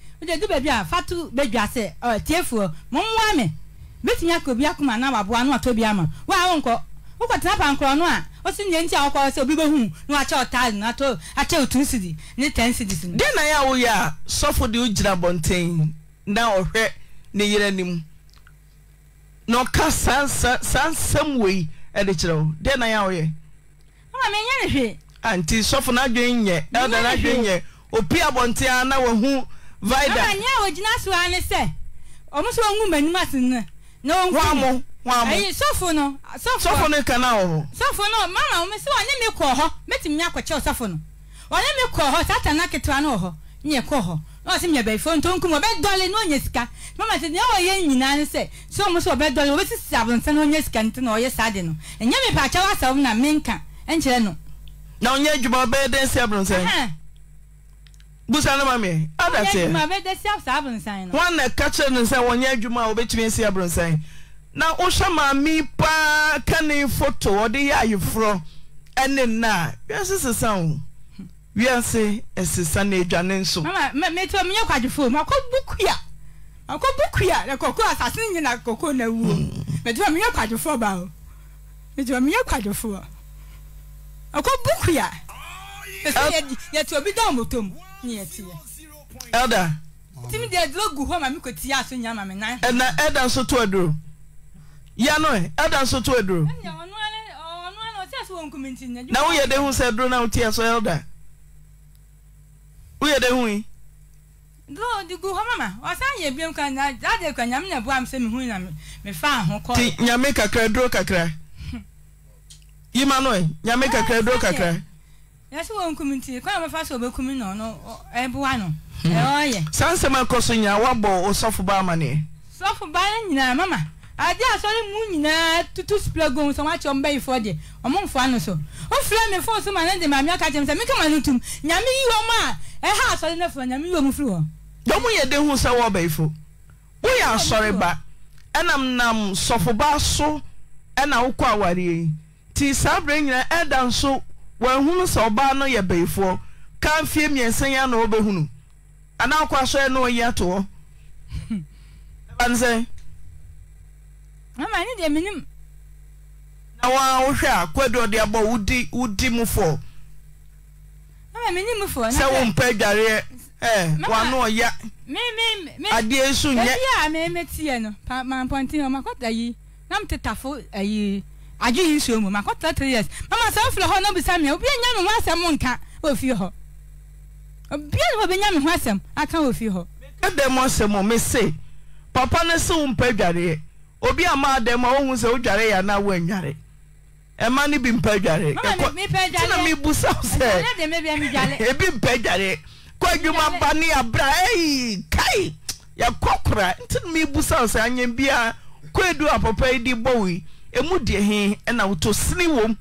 wogyadu baabi a fatu ọ badwa sɛ eh, tiefuɔ eh, mommoa me bɛtumi aka obi akoma na abụọ anụ atɔ bi ama wo nkọ ụkọ wokɔtena pankorɔ no a ɔsi nyɛ nti a akwụkwọ sɛ obi bɛhu na ọ wakyɛ ɔtaade na atɔ akyɛ otu sidi ne ten sidi si no. deɛ na yɛ a woyɛ a sɔfo de ogyina abɔnten na ɔhwɛ ni yere anim na ɔka saa nsɛm wei ɛde kyerɛ wo deɛ na yɛ a woyɛ. ama m ne hwee. anti sɔfo nye ndị na n'adwen nye opi abɔnten a na wahu. vida. ọmọ ní àwọn gyina so ara ne sẹ ọmọ sọ wọn ń gun mẹnum na wọn ń kun mu wọn mu ẹyin sọfọ no sọfọ sọfọ no kan náà wọ hɔ. no mama wọn sọ wọn ne mi kọ hɔ mẹtìmí akɔkyɛw sọfọ no wọn ne mi kọ hɔ satana ketewa no wɔ hɔ ne kɔ hɔ na ɔsi mìíràn bɛyìí fɔ ntonkum ɔbɛ dɔle na ɔnyɛ sika mama sɛ nea ɔyɛ nyinaa ne sɛ sɛ ɔmo sɛ ɔbɛ dɔle ɔbɛ sisi abonsan na ɔnyɛ sika nti na ɔyɛ saa de no ɛnyɛ mi asaw na mi nka ɛnkyerɛ no. na ɔnyɛ adwuma ɔbɛyɛ dɛ nsi abonsan busa no ma me ada wọn na ka kyerɛ ne sɛ wɔnyɛ adwuma a wɔbɛtumi asi abrɔnsan na wohwɛ hmm. maame paa ka foto ɔde yɛ ayeforɔ ɛne nna wiase sesa wo wiase ɛsesa na adwane nso metɔ menyɛ kwadwefo makɔ bukua makɔ bukua na kɔkɔ asase no nyina kɔkɔ na wuo metɔ menyɛ kwadwefo ba o metɔ menyɛ kwadwefo akɔ bukua yɛtɔ bi da ɔmɔtɔ mu elda so to adun la so toduna woyɛ dhu sɛ durɔ na wotea so elda woyɛ dhui nyame kakra dur kakra hmm. ia no yame kara du kara yasi wo nkumi nti kwan bɛfa so obekumi na ɔno ɛboa no ɛɔyɛ. Hmm. saa nsɛm akɔ so nyinaa wabɔ osɔfo ba ama neɛ. sɔfo ba ne nyinaa mama adi asɔre mu nyinaa tutu splagon sɔn wa kyɛ ɔmo bɛyi fɔ deɛ ɔmo nfa no so ofura mi fɔ so ma ne de maame aka kyɛm mi kama no tum nyame yi wɔn a ɛha asɔre ne fɔ nyame yi wɔn firi hɔ. dɔm yɛ den ho sɛ wɔbɛyi fo woyɛ asɔre ba ɛnam nam sɔfo ba so ɛna wokɔ awareɛ yi ti saa nyinaa ɛda nso wɔahunu sɛ ɔbaa no yɛ bayifoɔ ka mfee mmiɛnsa yɛ ana wɔbɛhunu anaa akɔ asɔre na ɔyi ato hɔ ɛbane sɛ na wɔa wohwɛ a kwadu ɔde abɔ wodi wodi mu fɔ sɛ wompɛ adwareɛ wano ɔya adeɛ nso ɛ dɛ m asɛm m mese papa no se wo mpɛ adwareɛ obi amaadɛ m awɔhu sɛ wodware yɛana wo anware ma no bi mpa waenameb sɛbi mpɛ adwareɛ kɔadwuma ba ne aberak yɛkɔ kora ntina mebu sawo sɛ anya biaa kɔadu apapai di bɔ ei ɛmu deɛ he ɛna woto sene wom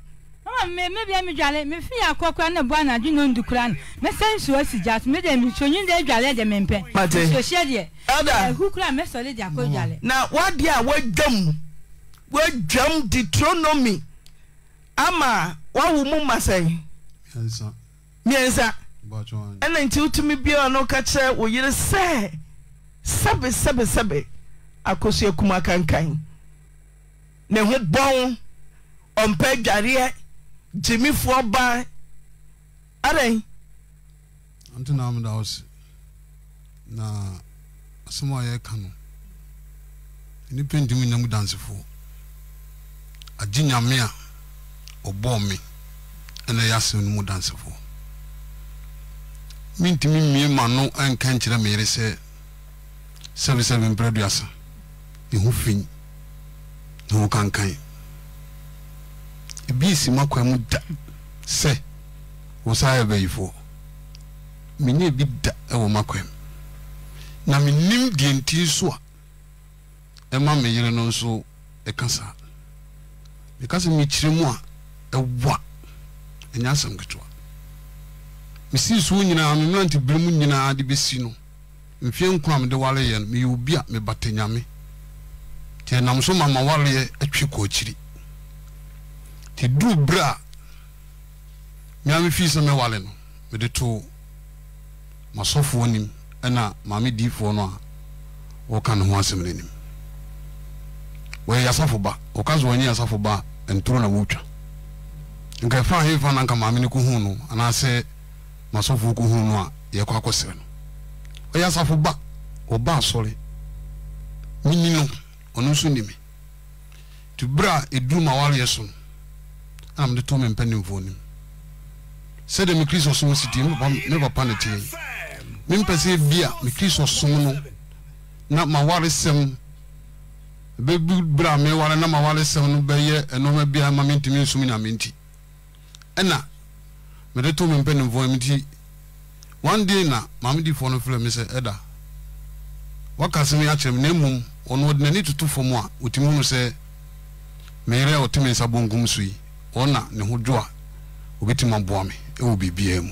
na waadeɛ a waagam waadwam ditronomi ama woawo mu ma sɛ miɛnsa ɛna nti wotumi biawa no woka kyerɛ wo yere sɛ sɛbsɛb sɛbe akɔso akuma akankan ne ho bɔn ɔmpɛ adwareɛ gyimifoɔ ban adɛn nti na ameda wo na asɛm a yɛka no nnipa ntimi nyamu dansefoɔ agye nyame a ɔbɔɔ me ɛna ɛyɛ asɛm no mu dansefoɔ mentumi mmie ma no anka nkyerɛ sɛ sɛbesɛbe mprɛ duasa ne ho na wɔkankan ebi esi makwan mu da sɛ wɔsan yɛ bɛyifoɔ menye ebi da ɛwɔ makwan mu na menim deɛ nti nso a ɛma me yere no nso ɛka saa meka sɛ mekyerɛ mu a ɛwa ɛnyɛ asɛm ketewa mesii so nyinaa memmerante bere mu nyinaa de bɛsi no mfie nkora mede wareyɛ no meyɛ obi a mebata nyame ti nam so mama wareɛ atwi chiri ti du bra mi a fi so me wale no me de to masɔfoɔ nim ɛna di fo no a wo kan ho asɛm no anim wɔyɛ yasafo ba wo wɔka sɛ wɔnyɛ yasafo ba a ntoro na wɔtwa nka fa he fa na nka hu no kohu no anaasɛ masɔfoɔ hu no a ye kwa kwa akɔsrɛ no we ɔyɛ asafo ba wo ɔba asɔre mini no ɔno nso nim nti berɛ a ɛduru ma wareɛ so no ana mede too me mpanimfoɔ nim sɛdeɛ me kristo som si tie me papa ne tie mempɛ sɛ bi a me som no na maware sɛm bɛbi berɛ a meware na maware sɛm no bɛyɛ ɛnɔma biara ma mentumi nsom nyame nti ɛna mede too me mpanimfoɔ nim nti one day na maamedifoɔ no frɛ me sɛ ɛda wakasɛm yɛ akyerɛ me na mmom ɔno ɔde n'ani toto fam a ɔtumi hu sɛ meyerɛ a ɔte me nsa bonkum so yi ɔna ne ho dwo a obɛtumi aboa me ɛwɔ biribiaa mu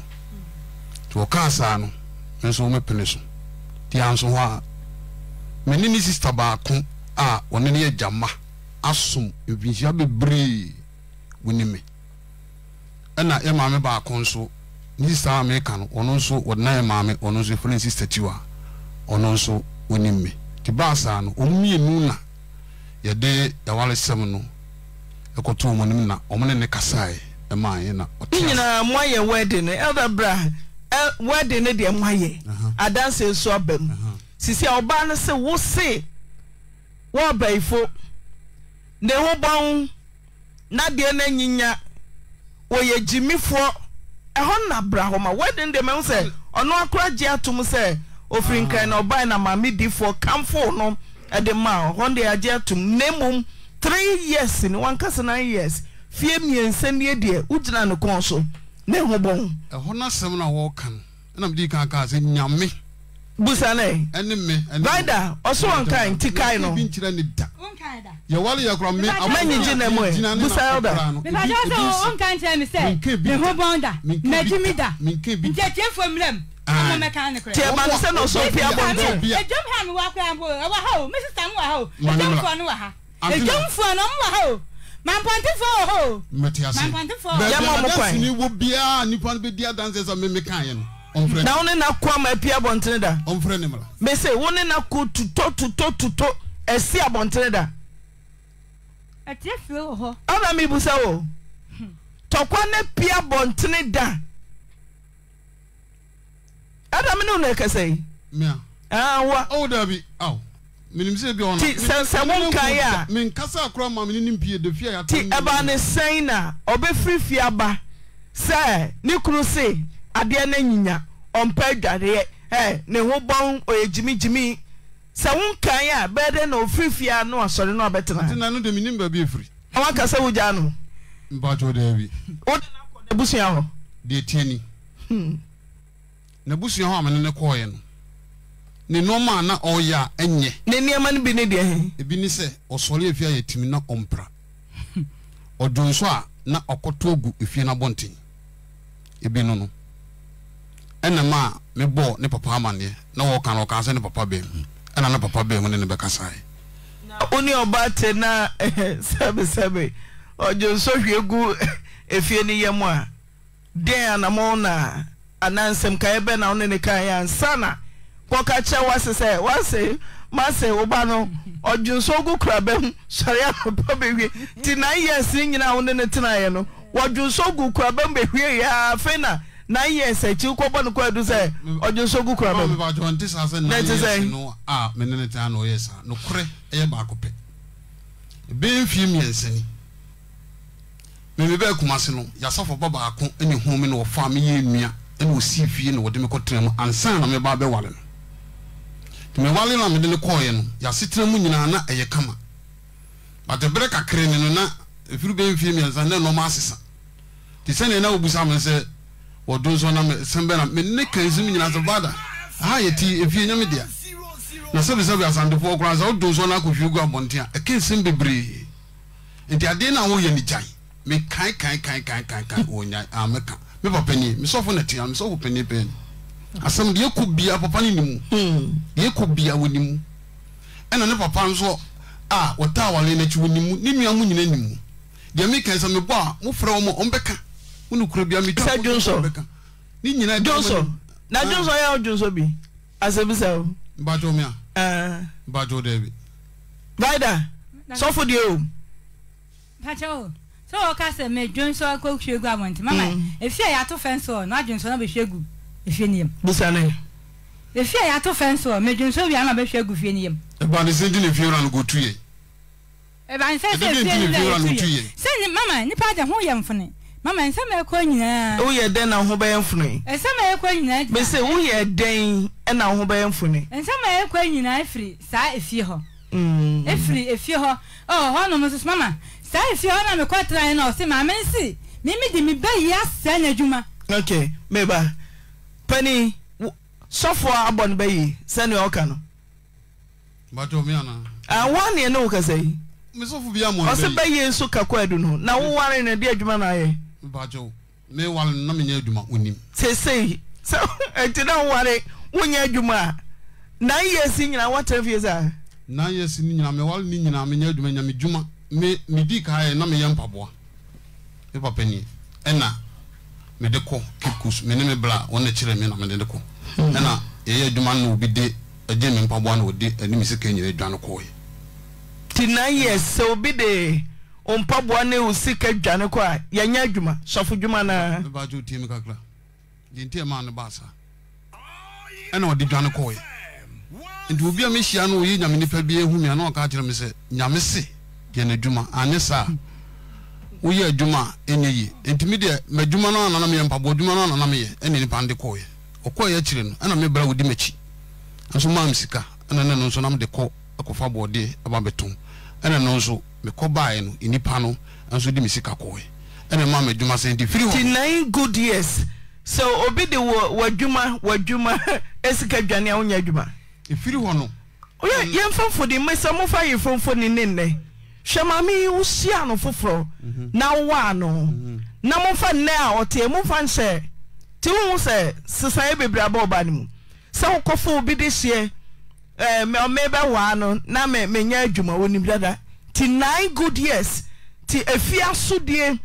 nti wɔkaa saa no me nso womɛpene so tia nso hɔ a mene ne sister baako a ɔne ne yɛ gyama asom mfinhyia bebree woni me ɛna yɛ maame baako nso ne sister a meka no ɔno nso wɔde na yɛ maame ɔno nso ɛfrɛ ne sister tiw a ɔno nso woni me te baa saa no wɔn mmienu na yɛde yawale sɛm no ɛkɔto wɔn anim na wɔn ne ne kasaeɛ ɛmaa yɛ na ɔte ase. nyinaa mo ayɛ wɛdi no ɛda bra ɛ wɛdi no deɛ mo ayɛ uh-huh. adanse nso aba mu uh-huh. sisi a ɔbaa no sɛ wose wɔabɛyifo na ehu bɔn nadeɛ no anyinya wɔyɛ gyimifoɔ ɛhɔ na bra hɔ ma wɛdi no deɛ mɛ n sɛ ɔno akora gye atom sɛ ofiri nkan na ɔbaa na maame difoɔ kamfo no ɛde ma wɔn de agye atum na mmom three years ni one ankasa nine years fie mmiɛnsa nie deɛ wogyina ne kɔn so ne ho bɔn. ɛhɔ n'asɛm na wɔɔka no di mudi kan kan sɛ nyame. busane. ɛne me ɛne me raida ɔso wɔn kan ti kan no. ebi nkyerɛ ne da. yɛwale yɛ kura mi awo mɛ nyigye na mu yɛ busa ɔda. mipasɛ ɔsɛ wɔn kan kyerɛ mi sɛ ne ho bɔn da mɛ jimi da nkyɛn tiɛ fɔ mi lɛ mu tiɛ ma no sɛ na ɔsɔ pi abɔnten. edwam ha mi wa kura mpo ɛwɔ ha o mrs tam wa ha o edwamfoɔ no wa ha edwamfoɔ no wa ha o mampɔntefoɔ wɔ ha o mampɔntefoɔ wɔ ha o. bɛɛbi adansi ni wo biara nipa bɛ di adansi sɛ mímí kan yɛ no na wo hmm. ne na ko ama api abɔntene da mese wo ne na ko tutɔ tutɔ tutɔ asi abɔntene da ɛna mebusa o tɔkwa ne pi abɔntene da adam ne wona ɛkɛsɛi sɛ monkae ati ɛba ne sɛn na ɔbɛfiri fie aba sɛ ne kunu se adeɛ no nyinya ɔmpɛ adwareɛ ne ho bɔn ɔyɛ gyimigyimi sɛ wonkae a bɛɛ dɛn na ɔfiri fie a no asɔre no abɛtena waka sɛ wogya no wode n'abusua hɔ amene ne kɔɔɛ no ne nneɛma a na ɔreyɛ a ɛnyɛ. ne nneɛma no bi ne deɛ. ebi ne sɛ ɔsɔre efi a yɛtumi na ɔmpra ɔdo nso a na ɔkɔtɔ gu efie n'abɔnten ebi no no ɛna ma a me bɔ ne papa amaneɛ na wɔka na ɔka ne papa bɛn mu ɛna ne papa bɛn mu ne ne bɛkasa yɛ. wo ne ɔba te na sɛbesɛbe ɔdwo nsɔhwie gu efie no yɛ mu a dɛn anamɔ na. anaa na wo ne ne kaeɛ na kɔka kyerɛ wase sɛ wase mase wo ba no ɔdwenso gu korabam sɔre anɔpa bɛwie nti nine years ne nyinaa wo ne ne ya no wɔdwenso gu korabam bɛwie yɛa afei na nine years akyi wokɔbɔ ah, no kɔadu sɛ ɔdwenso gu korabam n'i mmiɛnsani memebɛɛ no ba baako na ɛna osi fie na wɔde mi kɔ tena mu ansan na mi ba bɛ wale no tuma wale na mi de ne kɔɔyɛ no yasi tena mu nyinaa na ɛyɛ kama bàtɛ bere kakra ne no na efiri bɛ nfie mmiɛnsa ne nɔɔma asesa te sɛ nea na obusa mi sɛ wɔdo nso na sɛn bɛ na mɛ ne ka esi mu nyinaa sɛ baada aha yɛ ti efie nyame dea na sɛbi sɛbi asantefoɔ koraa sɛ wɔdo nso na akɔ fie gu abɔnten a ɛka nsɛm bebree nti adeɛ na wɔyɛ ne gyae mɛ kan kan kan kan me papa ni mesɔfo na tia mesɔfo pani pɛn asɛm deɛ kɔ bia papa no nimu deɛ kɔ bia wɔni mu ɛna ne papa nso a wɔta awale n'akyi wɔni mu ne nua mu nyina nimu deɛ meka sɛ mebɔ a mofrɛ wɔ ma ɔmbɛka wo ne kura bia metwa ɔmbɛka ne nyina dwonso na dwonso yɛ dwonso bi asɛm sɛ o mbajo mi a eh. mbajo dɛbi vida sɔfo deɛ o so wɔka sɛ medwe nso akɔhwie gu abɔnten mama ɛfie a yɛato fɛ nso na adwe nso na bɛhwie gu ɛfie no yam busane ɛfie a yɛato fɛ nso medwe nso wie ama bɛhwie gu fie no yam ɛbane sɛ di ne fie wura no kɔtuyɛ ɛbane sɛ sɛ fie no wura no kɔtuyɛ mama nipa de ho yɛ mm. eh, eh, oh, mfone mama nsɛm ɛkɔ nyinaa woyɛ dɛn na wo ho bɛyɛ mfone nsɛm ɛkɔ nyinaa gyina mesɛ woyɛ dɛn ɛna wo ho bɛyɛ mfone nsɛm ɛkɔ nyinaa firi saa ɛfie hɔ ɛfiri ɛfie hɔ ɔ hɔnom nso mama saa esi na mekɔ na ɔsi maame nsi mimi de mi bɛ ah, yi asɛ n'adwuma. ok mbeba panyin sɔfo abɔ ne bɛ yi sani no. bàtò mi àná. àwọn kasa yi. bi ẹ nso na wo na di adwuma na ayɛ. bàtò mi wari na mi nyɛ adwuma onim. sese na wari wo nan si nyina fi sa. nan si nyina mi ni nyina mi me medi kaeɛ na meyɛ mpaboa me papa ni ɛna mede kɔ kipkus me ne me bra wɔne kyerɛ mi na mede de kɔ hmm. ɛna yɛyɛ adwuma no obi de agye me mpaboa na ɔde anim sika nyina adwane kɔɔɛ ti nine years sɛ obi de mpaboa ne wo sika dwane kɔ a yɛnyɛ adwuma sɔfo dwuma na mebagye wotie me kakra gyentia maa ne baasa ɛna ɔde dwane kɔɔɛ nti obi a mehyia no ɔyɛ nyame nipa bi ahu me a na ɔka kyerɛ me sɛ nyame se yɛ n'adwuma ane saa woyɛ adwuma ɛnyɛ yie ntumi deɛ mɛdwuma no ananam yɛ mpaboa adwuma no ananam yɛ ɛne nipa de kɔɔyɛ ɔkɔɔ yɛ akyire no ɛna mebra wodi m'akyi nso maa m sika ɛna ne no nso nam de kɔ akɔfa bɔɔdeɛ aba bɛtom ɛna no nso mekɔ baeɛ no nnipa no nso de me sika kɔɔɛ ɛna maa mɛdwuma sɛn de firi hɔ nine good years so obi de wɔ wadwuma wadwuma esika dwane a adwuma ɛfiri hɔ no yɛmfa mfoni mmɛsɛ mofa yɛ mfomfoni ne nnɛ hwɛ maame yi wosia no foforɔ na wowaa no na momfa nnɛ a ɔteɛ momfa nhyɛ nti wohu sɛ sesaeɛ bebree aba ɔba no mu sɛ wokɔfo obi de hyeɛ eh, ɔme bɛwaa no na menya adwuma wɔnim dada nti nine good years ti afie asodie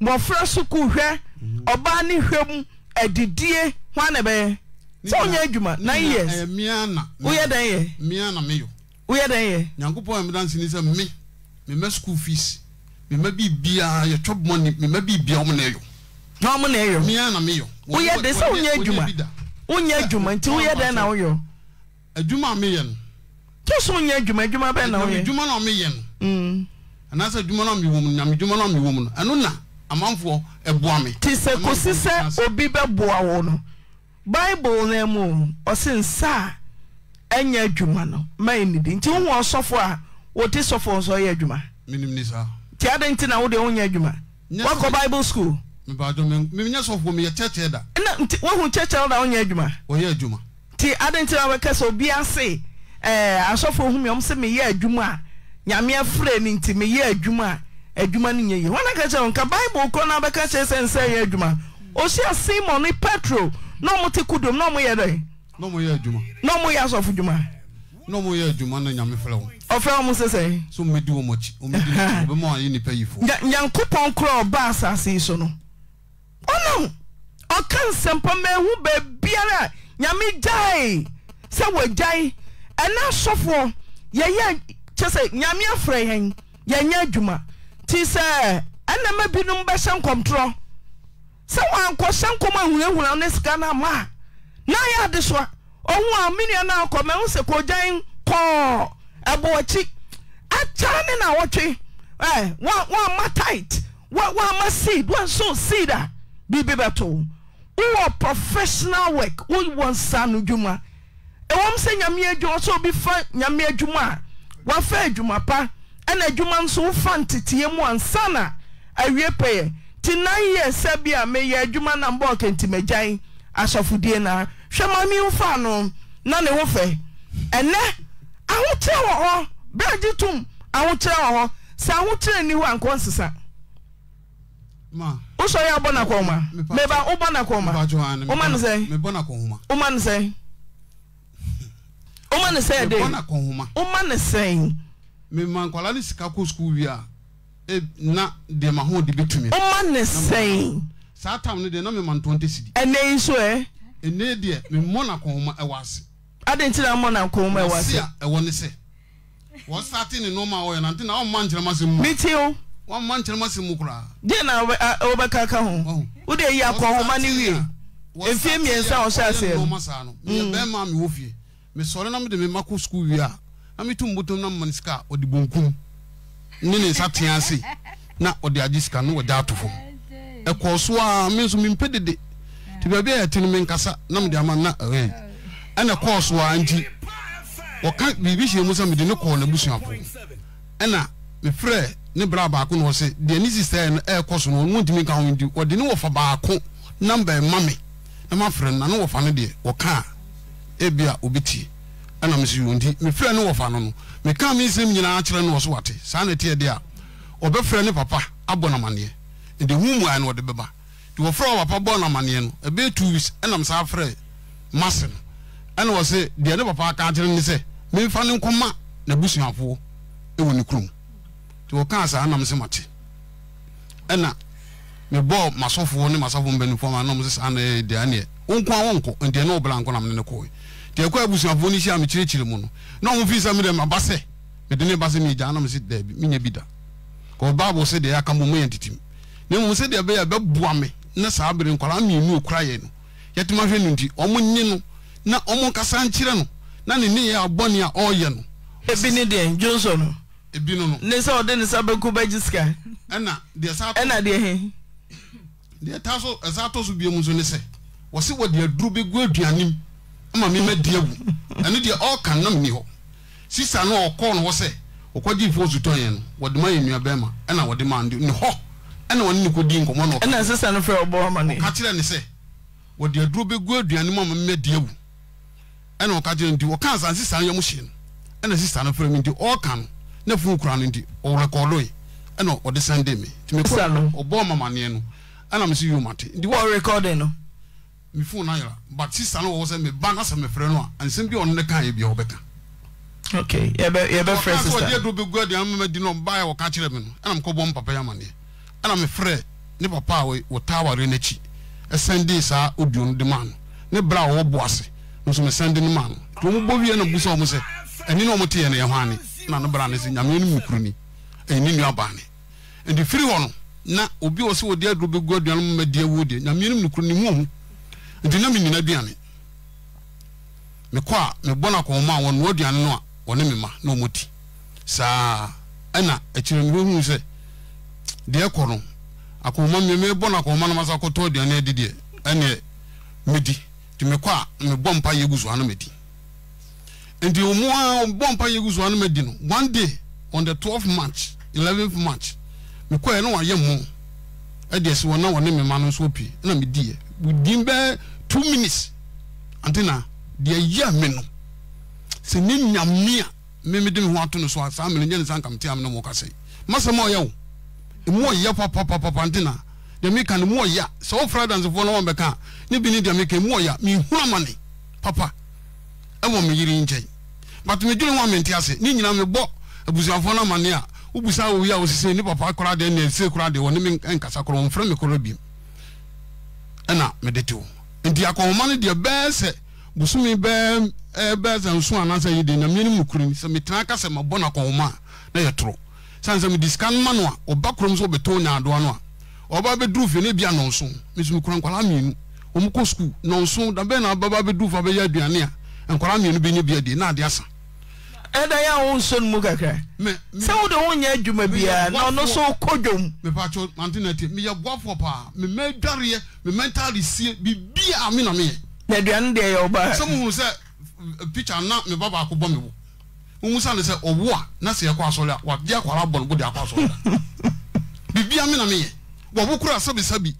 mmɔfra sukuu hwɛ ɔbaa ne hwɛ mu adidie ho ana bɛyɛ sɛ wonya adwuma nine years eh, woyɛ dɛn yɛ woyɛ dɛn yɛ nyankopɔn ɛmedansi ni sɛ mi mema school fees mema biribiaa yɛtwa mɔne mema biribia wɔm na ɛyɔ na wɔm na ɛyɔ mea na meyɔ woyɛ de sɛ wonyɛ adwuma wonyɛ adwuma nti woyɛ dɛn na woyɛ adwuma a meyɛ no to so wonyɛ adwuma adwuma bɛn na woyɛ adwuma na meyɛ no mm. anaasɛ adwuma na mewɔ mu nyame adwuma na mewɔ mu no ɛno na amanfoɔ ɛboa me te sɛ kɔsi sɛ obi bɛboa wo no bible na mu ɔse nsa a ɛnyɛ adwuma no ma ɛnidi nti wohu ɔsɔfo a wote sɔfo nso yɛ adwuma nti ade nti na wode wonyɛ adwuma wakɔ bible school menyɛ sɔfo meyɛ kyɛkyɛ da na nti wohu kyɛkyɛ woda wonyɛ adwuma wɔyɛ adwuma nti ade nti na wɔbɛka sɛ obia se ɛɛ eh, asɔfo hu mi ɔm sɛ meyɛ adwuma a nyame afrɛ ne nti meyɛ adwuma adwuma no nyɛ yie wɔn aka ka bible korɔ na abɛka kyerɛ sɛ nsɛ yɛ adwuma ohyia simon ne petro na ɔmo te kudom na ɔmo yɛ dɛ na ɔmo yɛ adwuma na ɔmo yɛ asɔfo dwuma na ɔmo yɛ adwuma na nyame frɛ wɔn ɔfrɛ ɔmo sɛ sɛ nyankopɔn korɔ ɔba asase yi so no ɔno ɔka nsɛmpa maahu baabiara a nyame gyae sɛ wɔgyae ɛna asɔfoɔ yɛyɛ kyɛ sɛ nyame afrɛ yɛn yɛnyɛ adwuma nti sɛ ɛnama binom bɛhyɛ nkɔmtorɔ sɛ nkɔm ahunahuna ne sika no ama a na yɛ ade so a ɔhu a menua no akɔ mahu sɛ kɔgyan kɔɔ ɛbɔ akyi akyara ne na wɔtwe ɛɛ eh, wɔama tight wɔama seed wɔnso seed a biribi bɛto wowɔ professional work wowɔ nsa no dwuma ɛwɔm sɛ nyame adwuma sɛ obi fa nyame adwuma a wafa adwuma pa ɛna adwuma nso wofa nteteɛ mu ansa na awie pɛyɛ nti nan yɛ sɛ bi a meyɛ adwuma na mbɔ kɛntimagyan asɔfodie na hwɛ ma mi wofa no na ne ho fɛ ɛnɛ ahokyerɛ wɔ hɔ berɛgye tom ahokyerɛ wɔ hɔ sɛ ahokyerɛ nni hɔ ankɔ nsesa wosɔre abɔ na ma meba wobɔ na kɔma woma no sɛ woma no sɛ woma no sɛ de woma no sɛn mema ne sika kɔ sukuu a e, na deɛ ma ho de ne sɛn saa tam deɛ na mema ntɔn tɛ ɛnɛ yi ɛ ɛnɛ deɛ ɛwɔ ase adi na mọ na nkɔn mu ɛwɔ ase. ɛwɔ ne se wɔn sati ne nneɛma a ɔyɛ nante na wɔn mma nkyɛnma se mu. mi ti o. wɔn mma nkyɛnma se mu koraa. diɛ na ɔbɛka kaka ho o de yi akɔnhoma ne wie efie mmiɛnsa ɔhyɛ aseɛ no. wɔn sati yɛ mi wɔ fie mɛ sɔre na mi de mi ma ko sukuu wie a na mi tu mbotom na mmani sika ɔde bonkum ne ne nsa tea ase na ɔde agye sika no wɔde ato fam ɛkɔɔ so a mi nso mi mpɛ dede te baabi a yɛ te no mi nkasa na mi de ama na ɛwɛn ɛna kɔɔso a nti wɔka biribi hyɛ mu sɛ mede ne kɔɔ n'abusuafo ɛna mefrɛ ne bra baako na ɔse deɛ ne sista yɛ ɛɛkɔ so no ɔnontumi ka ho nti ɔde ne wɔfa baako namba ɛma me na mafrɛ no na ne wɔfa no deɛ wɔka a ebi a obɛtie ɛna mesi wɔn nti mefrɛ ne wɔfa no no meka me nsɛm nyinaa kyerɛ no wɔso wate saa na ɛteɛ deɛ a ɔbɛfrɛ ne papa abɔ n'amaneɛ nti hu mu ayɛ no ɔde bɛba nti wɔfrɛ wɔ papa bɔ n'amaneɛ no ɛbɛyɛ two weeks ɛnam saa frɛ mase no ɛna wɔ se deɛ ne papa aka akyerɛ ne sɛ memfa ne nkɔma n'abusuafoɔ ɛwɔ ne kurom nti wɔkaa saa nam sɛ mate ɛna mebɔɔ masɔfoɔ ne masɔfoɔ mpanimfoɔ ma nam sɛ saa ne deɛ aneɛ wɔnkɔ a wɔnkɔ nti ɛne wɔbla nkɔ nam ne ne kɔe nti ɛkɔ abusuafoɔ no hyia a mekyerɛkyerɛ mu no na ɔmfii sɛ medɛ maba sɛ mede ne ba sɛ meegyaa nam sɛ daabi menya bi da kɔ bible sɛ deɛ aka mmom yɛ ntitim na mmom sɛ deɛ ɛbɛyɛ ɛbɛboa me na saa bere nkwara mmienu okura yɛ no yɛtema hwɛ no nti ɔmo nye no na ọmụ nkasa nkyerɛ no na ne ne yɛ abɔne a ɔreyɛ no. ebi johnson. ebi no no. ne nsa ɔde ne nsa bɛku bɛgye sika. ɛna deɛ sa ɛna so ɛsa so ne sɛ wɔsi wɔ deɛ duro gu ama mi ɛne deɛ ɔɔka nam ni hɔ sisa no ɔkɔɔ no hɔ sɛ ɔkɔgye ifo sutɔ yɛn no wɔde ma ma ne hɔ ɛna di na ɔka ɛna sisa no fɛ ɔbɔ ɔma ne ɔka kyerɛ ne sɛ wɔde aduro gu aduane mu ɛna ɔka gyina nti ɔka asase saa yɛ mo hyɛ no ɛna sisa no fɛrɛ mi nti ɔka no ne funu kura no nti ɔrekɔdo yi ɛna ɔde sande mi nti mi kɔ ɔbɔ mamaneɛ no ɛna mi si yi o ma te. nti wɔ rekɔdi no. mi funu na yɛrɛ but sisa no wɔ sɛ mi ba n'asɛ mi fɛrɛ no a nsɛm bi ɔno ne kan yɛ bi ɔbɛka. ok yɛbɛ fɛ sista. ɔka sɔ ɔdiɛ do bɛ gu adi ama di na ɔba yɛ ɔka kyerɛ mi no ɛna mi kɔ ne papa a wɔ taaware n'akyi ɛsɛn de saa ne bra a nso me sɛnde no ma no nti ɔmo bɔ wie no bu sɛ ɔmo sɛ ɛni na ɔmo te yɛ no yɛ hɔ ane na no bra ne sɛ nyame no mukuru ni ɛyɛ ne nua baa ne nti firi hɔ no na obi wɔ sɛ wɔde aduro bɛgu aduane mu ma di awuo deɛ nyame no mukuru ni mu ɔmo nti na menyina aduane mekɔ a mebɔ no akɔnwoma a wɔnoa aduane no a wɔne me ma na ɔmo ti saa ɛna akyirɛ no bɛhunu sɛ deɛ ɛkɔ no akɔnwoma mmemme bɔ no akɔnwoma no ma sɛ akɔtɔ aduane adi deɛ ɛneɛ medi nti mekɔ a mebɔ mpa yɛ gu so ano madi nti ɔmo a ɔbɔ mpa yɛ gu so ano no one day on the twelve march eleventh march mekɔ yɛ na wɔayɛ mo ɛde ɛsi wɔn na wɔne mema no nso pii ɛna medi yɛ within bɛɛ two minutes ante na deɛ yɛ me no sɛ ne nyame a meme de me ho ato no so a saa mmele nyɛ ne sa nka mete am no mo kasa yi masa ma ɔyɛ wo ɛmu ɔyɛ papapapapa ante na deɛ meka mu ɔyɛ a sɛ wofra dansefoɔ no wɔn bɛka a ne bi ne deɛ meka mu ɔya mehunu papa ɛwɔ me yere nkyɛn but medwene ho amente ase ne nyina mebɔ abusuafoɔ no amane a wobusa wowi a wosese ne papa koraa deɛ ne ɛse koraa deɛ wɔne me nkasa korɔ wɔmfrɛ me korɔ biom ɛna mede te wo nti akɔnhoma no deɛ bɛɛ sɛ bosome bɛɛ bɛɛ sɛ nso anaasɛ yi de e, na mmienu mu kuro sɛ metena aka sɛ mabɔ no akɔnhoma a na yɛ toro sane sɛ mede sika no no a ɔba kurom sɛ wɔbɛtɔ nyaadoa no a ɔba bɛduru fie no bi anɔnso meso mekura nkwalaa mmienu wɔn kɔ sukuu nɔnso bɛn na baba bɛ du fa bɛyɛ aduane a nkɔla mmienu bi ne bi adi na adi asa. ɛda yà wọn nso nu mu kakra sáwọn de wọn nyɛ adwuma biara na ɔno nso kɔ dwom. mipaatɔ mante na ti mi yɛ buafo paa mi mɛ dwareɛ mi mɛ ntaade sie bi bi a mi na mi yɛ. na aduane deɛ yɛ ɔbaa. sɛ mo hun sɛ eh, picture na mi ba baako bɔ mi wo mo hun sani sɛ ɔwo a na sɛ ɛkɔ asɔre a wa di akɔla bɔ ne bo de akɔ asɔre bi bi a mi na mi yɛ wa wo kura sabisabi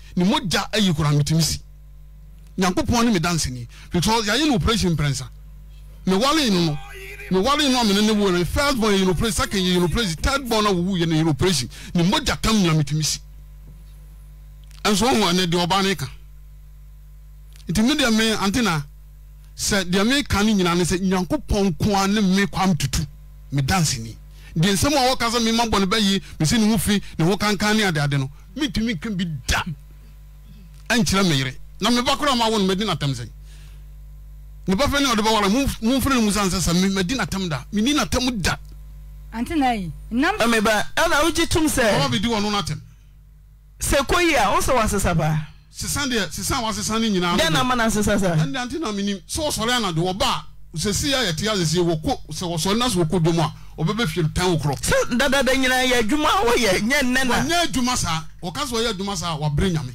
nyankopɔn ne me danseni because yɛayɛ no operation mprɛnsa mewalei no no mewalei no a mene ne ne no first born yɛ no operation second yɛ no operation third born a wowu yɛ no yɛ no operation ne mogya tam nyina metumi si ɛnso wohu ɛnɛ deɛ ɔbaa ne ka nti ne deɛ me ante na sɛ deɛ meka no nyinaa ne sɛ nyankopɔn nko a ne me kwam tutu me danseni deɛ nsɛm a wɔka sɛ mema bɔ no bɛyi mesi ne ho fi ne ho kankan ne adeade no mentumi nka bi da ɛnkyerɛ me yere na meba kora ma wo eh, eh, no madi natam sɛ ne ba fɛ ne ɔde bɛwara momfrɛ no mu sane sɛ sɛ madi natam da menni natam da meba ɛna wogye tom sɛ bɛdi wɔ no no atam a wo sɛ woasesa paa sisan deɛ sisan wa sisan ne nyinaa. den na ma na sisan sa. ɛn de an ti na mi ni sɛ wɔsɔrɔ yan na de wɔba sɛsi yɛ yɛte asɛsi wɔ sɛ wɔsɔrɔ na sɛ wɔ ko domo a ɔbɛ bɛ fiyɛ tan wɔ korɔ. sɛ dadada nyinaa yɛ adwuma wɔyɛ nyɛ nnɛ na. wɔnyɛ adwuma saa wɔka sɛ wɔyɛ adwuma saa wɔabere nyame.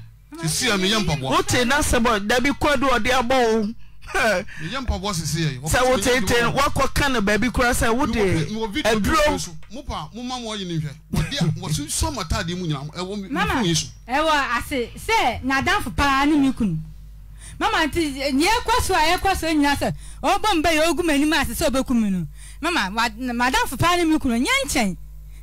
sisi a meyɛ mpaboa wote na sɛbɔ dabi kɔdu ɔde abɔ wo meyɛ mpaboa sisi yɛ sɛ wotete wakɔ aduro mopa moma ma ɔyɛ ase sɛ nyadamfo paa ne me kunu mama nti nyɛ kɔ so a yɛkɔ so nyina sɛ ɔbɔ mba yɛ ɔgu m'anim ase sɛ mama madamfo paa ne me kunu nyɛ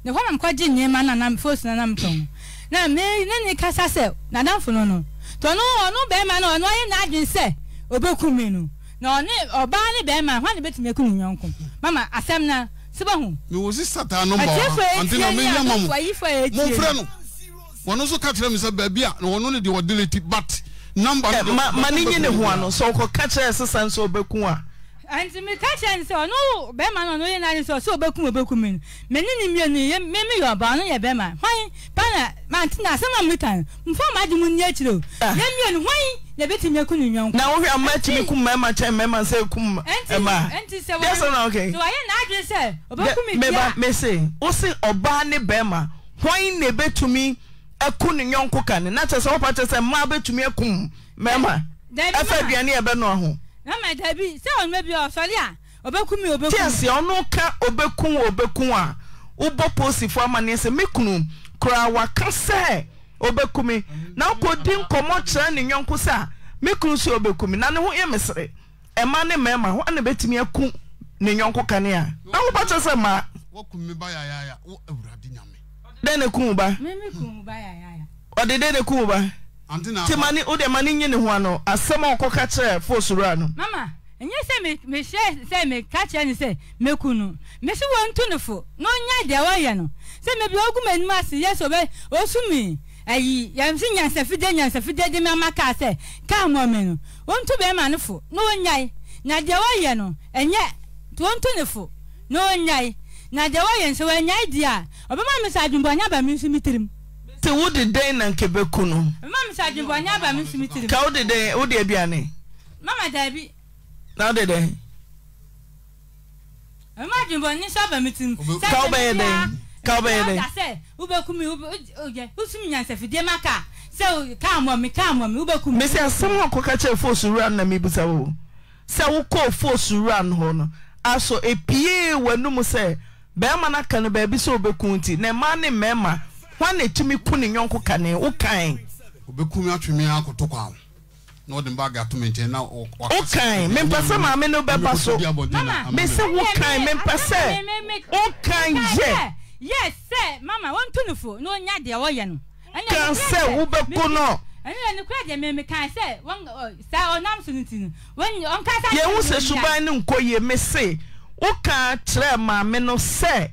ne hɔ nam kɔgye nneɛma no anam fosu na anam tɔn na me ne ne kasa sɛ n'adamfo no no tɔ no ɔno bɛrima no ɔno ayɛ n'adwene sɛ obekum mi no na ɔne ɔbaa ne bɛrima hɔn ne betumi ekum nyɔnko mama asɛm na sibahu. miwo si sata anu bɔ wa ante na mi yam mu mo fura no wɔn nso ka mi sɛ beebi a wɔn ne deɛ wɔde leti bat namba. ma ma ne nye ne ho ano sɛ ɔkɔ sisan sɛ ɔbɛkum a nti mi ka kyerɛ nsɛ ɔno oh, bɛrima no ɔno yɛ n'ani sɛ ɔsɛ ɔbɛkum ɔbɛkum no mɛ ne ne mmienu yɛ mɛ mi yɛ ɔbaa ɔno yɛ bɛrima hwan pana mante na asɛm a mi ka oh, eh, eh, eh, no nfa ma mu ni akyire o ne mmienu hwan na ebi ti mi eku ne nyɔnko. na ti mi kum mɛma kyɛn na ɔkɛ. na wɔyɛ n'adwene sɛ ɔbɛkum mi bia. mɛba mɛse wosi ɔbaa ne bɛrima hwan na ebetumi eku ne nyɔnko ka ne na kyerɛ sɛ wɔpa kyerɛ sɛ mmaa betumi ekum mɛma ɛfɛ aduane yɛ na ma dabi sɛ ɔno bi ɔsɔre a ɔbɛkum mi ɔbɛkum. tiɛsi ɔno ka ɔbɛkum ɔbɛkum a wobɔ polisifoɔ amaneɛ sɛ mekunu kura waka sɛ ɔbɛkum mi na ɔkɔdi nkɔmɔ kyerɛ ne nyɔnko sɛ a mekunu sɛ ɔbɛkum mi na ne ho yɛ mesere ɛma ne mɛɛma hɔ ana bɛtumi aku ne nyɔnko kanea na wobɛkyɛ sɛ mmaa. wɔkum mi ba yaayaya wɔ awurade nyame. dɛn ne kum ba. mɛ mi kum ba yaayaya. ɔde dɛn ne kum ba nti ma ne wode ma ne nye ne ho ano asɛm a ɔkɔka kyerɛ foosoro no mama ɛnyɛ sɛ mehyɛ sɛ meka kyerɛ ne sɛ mɛku no mɛsi wɔntu no fo na ɔnya deɛ wɔyɛ no sɛ mebi ɔgu m'anim ase yɛ sɛ ɔbɛ ɔsu mi ayi yɛm se nyansafide nyansafide de mi ama kaa sɛ kaa mɔ mi no wɔntu bɛrima no fo na ɔnyae na deɛ wɔyɛ no ɛnyɛ nti wɔntu ne fo na ɔnyae na deɛ wɔyɛ nso wɔnyae deɛ a ɔbɛma mi sɛ adwumbɔnyaba mi nso mi tirim nti dị dɛn na nke bɛku no ka wode dɛn wode aduane na wode dɛn ka wobɛyɛ dị. ka wobɛyɛ dɛn mesi asɛm a kɔka kyerɛ fosuran na mebusa wo sɛ wokɔɔ fosuran hɔ no asɔ epiee w'anum sɛ bɛrima no aka no baabi sɛ wobɛku nti na mmaa ne mmarima wọn na etimi ku ne nyɔnko kane o kan. obekumi atwimi akoto kwan na ɔde mba aga atum nkyɛn na ɔkasa. o kan mipasɛ maame no bɛba so mesi wo kan mipasɛ o kan yɛ. yɛ sɛ mama wɔn tu nufu na onya deɛ wɔyɛ no. kan sɛ wobɛko no ɛnu yɛ nukura deɛ mɛmi kan sɛ wɔn sa ɔnam so ne ti no wɔn ɔnkasa. yɛn ho sɛ suban ne nko yie mi se woka kyerɛ maame no sɛ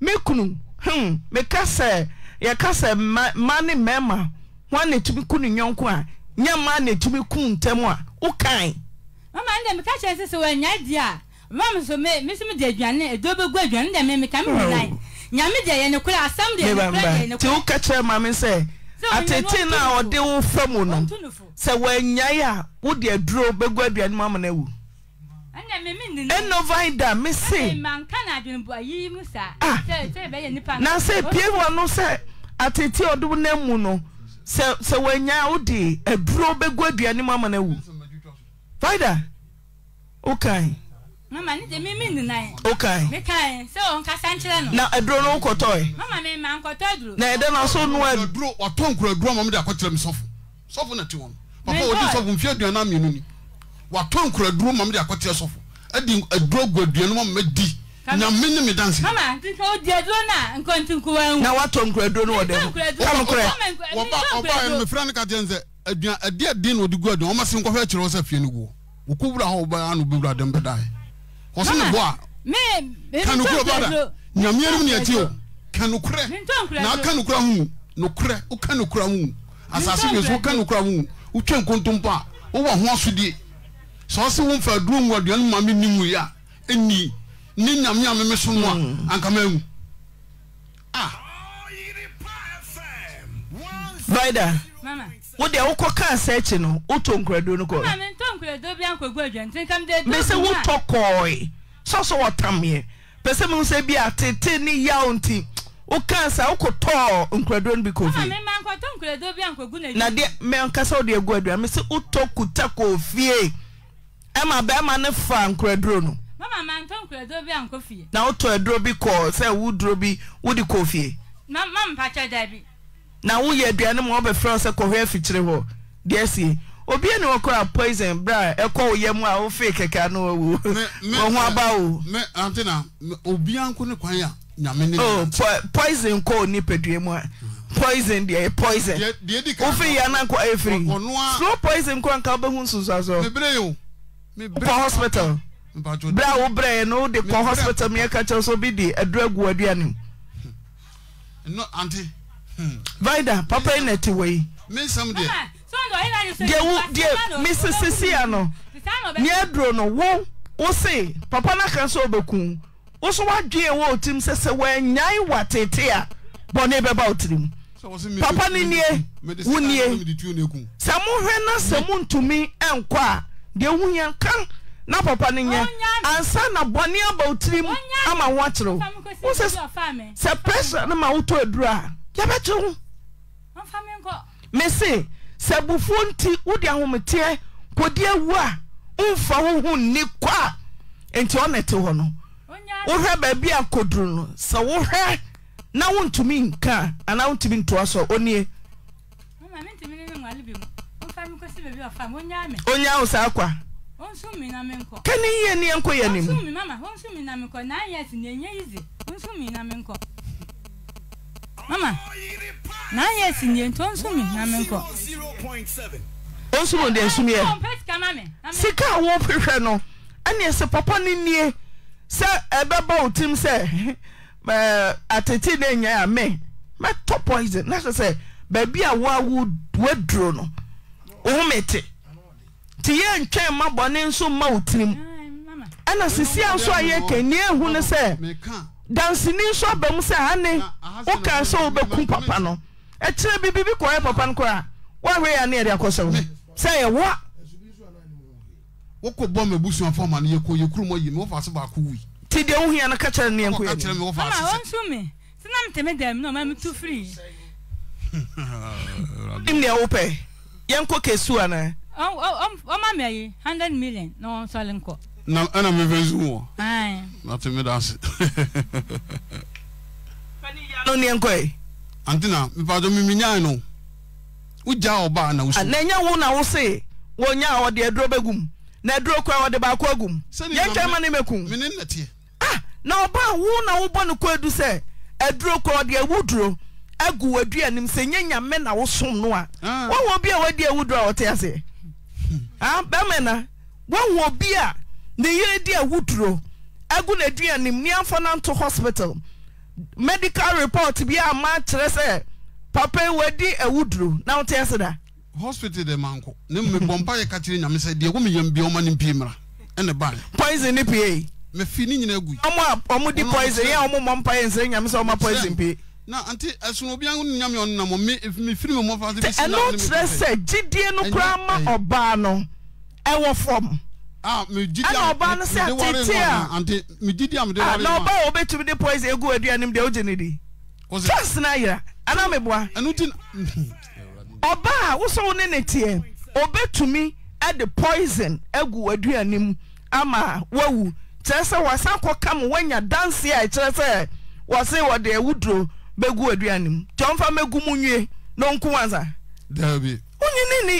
mekunu hmm meka sɛ. yɛka sɛ ma ne mmama ho ane tumi ku ne nwɔnko a nyama ne tumi ku ntɛm a wokaeti woka kyerɛ ma me sɛ atee naa ɔde wo fa m o no sɛ wanyai a wode aduro bɛgua aduane mamano awuɛnɔvaida me senasɛ ah. pie w no sɛ atete ɔdom no mu no sɛ sɛ wanya wode aduro bɛgu aduane mu ama no awu faida wokae mama ne de mimi ninae. o kan. mi kan ye se o nkasa nkyerɛ no. na aduro no nkɔtɔ ye. mama mi ma nkɔtɔ aduro. na ɛdɛ na so nua. na aduro watɔ nkura aduro ma mi de akɔkyerɛ mi sɔfo sɔfo na ti wɔn papa wɔdi sɔfo nfi aduane mienu ni watɔ nkura aduro ma mi de akɔkyerɛ sɔfo ɛdi aduro gu aduane ma mi di na me ne me dance. mama nti sɛ o di aduro na nkonti nkuwa ehu. na watɔ nkuraduro no wɔ dɛm wɔn kura wɔba ɔba yɛ mefra ne kadeɛ nsɛ aduan adi adi na odi gu aduan wɔn asi nkɔfɛ kyerɛ wɔsɛ fie ne gu oku wura hɔ ɔba ano bi wura dɛm bɛ da yɛ wɔsi ne a kanukura ba da nyamia nimu ni ɛti o kanukura na kanukura hu nukura o kanukura hu asase bi so o kanukura hu o twɛn kontompo a o wɔ ho asodie sɛ ɔsi wɔn fa duro mu aduan mu maame nimu yɛ a ɛnii ne nyame a meme so mu a mm. anka mawu brida ah. wodeɛ wokɔ kaa sɛ akyi no wotɔ nkuraduro no kɔmesɛ wotɔ kɔɔe sɛ sɛ wɔtameɛ pɛ sɛ mehu sɛ bi a tete ne yaw nti wokaa sa wokɔtɔɔ nkuraduro no bi kɔfie na deɛ mɛnka sɛ wode agu adua mesɛ wotɔ kuta kɔɔfie ɛma bɛrima ne fa nkuraduro no mama ma ntɔ nkuraduro bi a nkɔ fie. na wotɔ aduro bi kɔ sɛ wuduro bi wodi kɔ fie. ma ma mpakyɛ dabi. na woyɛ aduane mu ɔbɛfrɛ sɛ kɔhwɛ afikyire hɔ deɛ sie obi ɛni wɔkɔ poison bra ɛkɔ oyɛ mu a ofe kɛkɛ ano wawu wɔn ho aba o. mɛ antina obi anko ne kwan ya nyame ne. Oh, o poison kɔ nipadua mu a poison deɛ poison ofe yɛ anan kɔ efiri slow poison kɔ nka ɔbɛhu nsusu asɔ. mebere yi o mebere yi o kɔ hospital bere a wobrɛ no wode kɔ hospital meɛka kyerɛ sɛ obi de aduro agu aduane mu vida papa yi na ɛte wɔ yi deɛ mesesisia no neɛ aduro no wo wo se papa no aka sɛ wobɛku wo so woadwee wɔ otim sɛ sɛ woanyae wɔ tete a bɔne bɛba wo tirim papa ni nie wo nie sɛ mohwɛ na sɛ montumi ɛnkɔ a deɛ wohia ka na papa no nyɛ ansa na bɔne aba wotirim ama wo akyerɛ wo sɛ pressure no ma wotɔ aduru a yɛbɛkye wo me se sɛ bufuo nti wode ahometeɛ kɔdi ewu a womfa wo ho nni kɔ a nti ɔne te hɔ no wohwɛ baabi a kɔduru no sɛ wohwɛ na wontumi nka anaa wontumi ntoa so ɔnie onya wo saa kwa kani yie ni nkɔ yɛ ne mu mama nine years ni nti onsumi na mi nkɔ. onsumi de nsumi yɛ sika a wɔpehwɛ no ɛna ɛsɛ papa ne nie sɛ ɛbɛba o tim sɛ ɛɛ atete ne nya ya mɛ mɛtɔ poison na sɛ sɛ baabi a wɔawo wɔaduro no ohun mɛ te. nti yɛ ntwɛn ma bɔne nso mma ị tirim ɛna sisia nso a yɛ kɛ nea ehu ne sɛ dansini nso aba mu sɛ ane woka sɛ wobɛku papa no ɛkyerɛ bi bibi kɔɛ papa no koraa woahwɛ yɛ ne yɛde akɔ sɛ wo sɛ wokɔ bɔ mabusua no yɛkɔ baako nti deɛ wohia no ka kyerɛ ne yɛnkɔ ọma mẹyì hundred million na wọn sọlẹ nkọ. na ẹna mi fẹ zu wọn. na ti mi da se. n'o ni ẹ nkọ ye. antina mipaatɔ mi mi nyaa no o ja na o ah, su. na nye wo na wo se wo nya a na ɛduro kɔ a baako agum yɛn twɛ ma ne bɛ kun. mi ni ah na ọba wo na wo bọ ne kɔ edu sɛ ɛduro kɔ ɔde ɛwu duro agu wadu anim sɛ nye nyame na wo som no a ah. wɔn duro a ɔte bɛmɛna woahu obi a ne yere di awoturo agu n'aduanim neamfa no nto hospital medical report bi a ma kyerɛ sɛ papa wadi awuduro na wote ase da hospital de dɛ manko ne mebɔ mpa yɛ ka kyerɛ nyame sɛ deɛ womeyam bia ɔma no mpie mmra ɛne ba poison ne pie mefi ne nyina agui ɔmo a ɔmo di poison yɛ a ɔmo mmɔ mpa yɛ nsɛ nyame sɛ ɔma poison pie na anti ɛsono obi anwo nyame ɔno na mo me me firi mo mofa se bisi ah, na ɛno kyerɛ sɛ gyidie no koraa ma ɔbaa no ɛwɔ fam ah me gyidie ɛna ɔbaa no sɛ atete a anti me gyidie a mede wɔre na ɔbaa a obetumi de poison egu aduanem deɛ ogye ne di chance na yira ana me boa ɛno ti ɔbaa a wosɔ wo ne ne teɛ obetumi ɛde poison egu aduanem ama wawu kyerɛ sɛ wasan kɔ kam wanya danse a ɛkyerɛ sɛ wɔse wɔde awuduro bɛgu aduane mu nti ɔmfa mɛgu mu nwie na ɔnku wansa dabi wonyini ni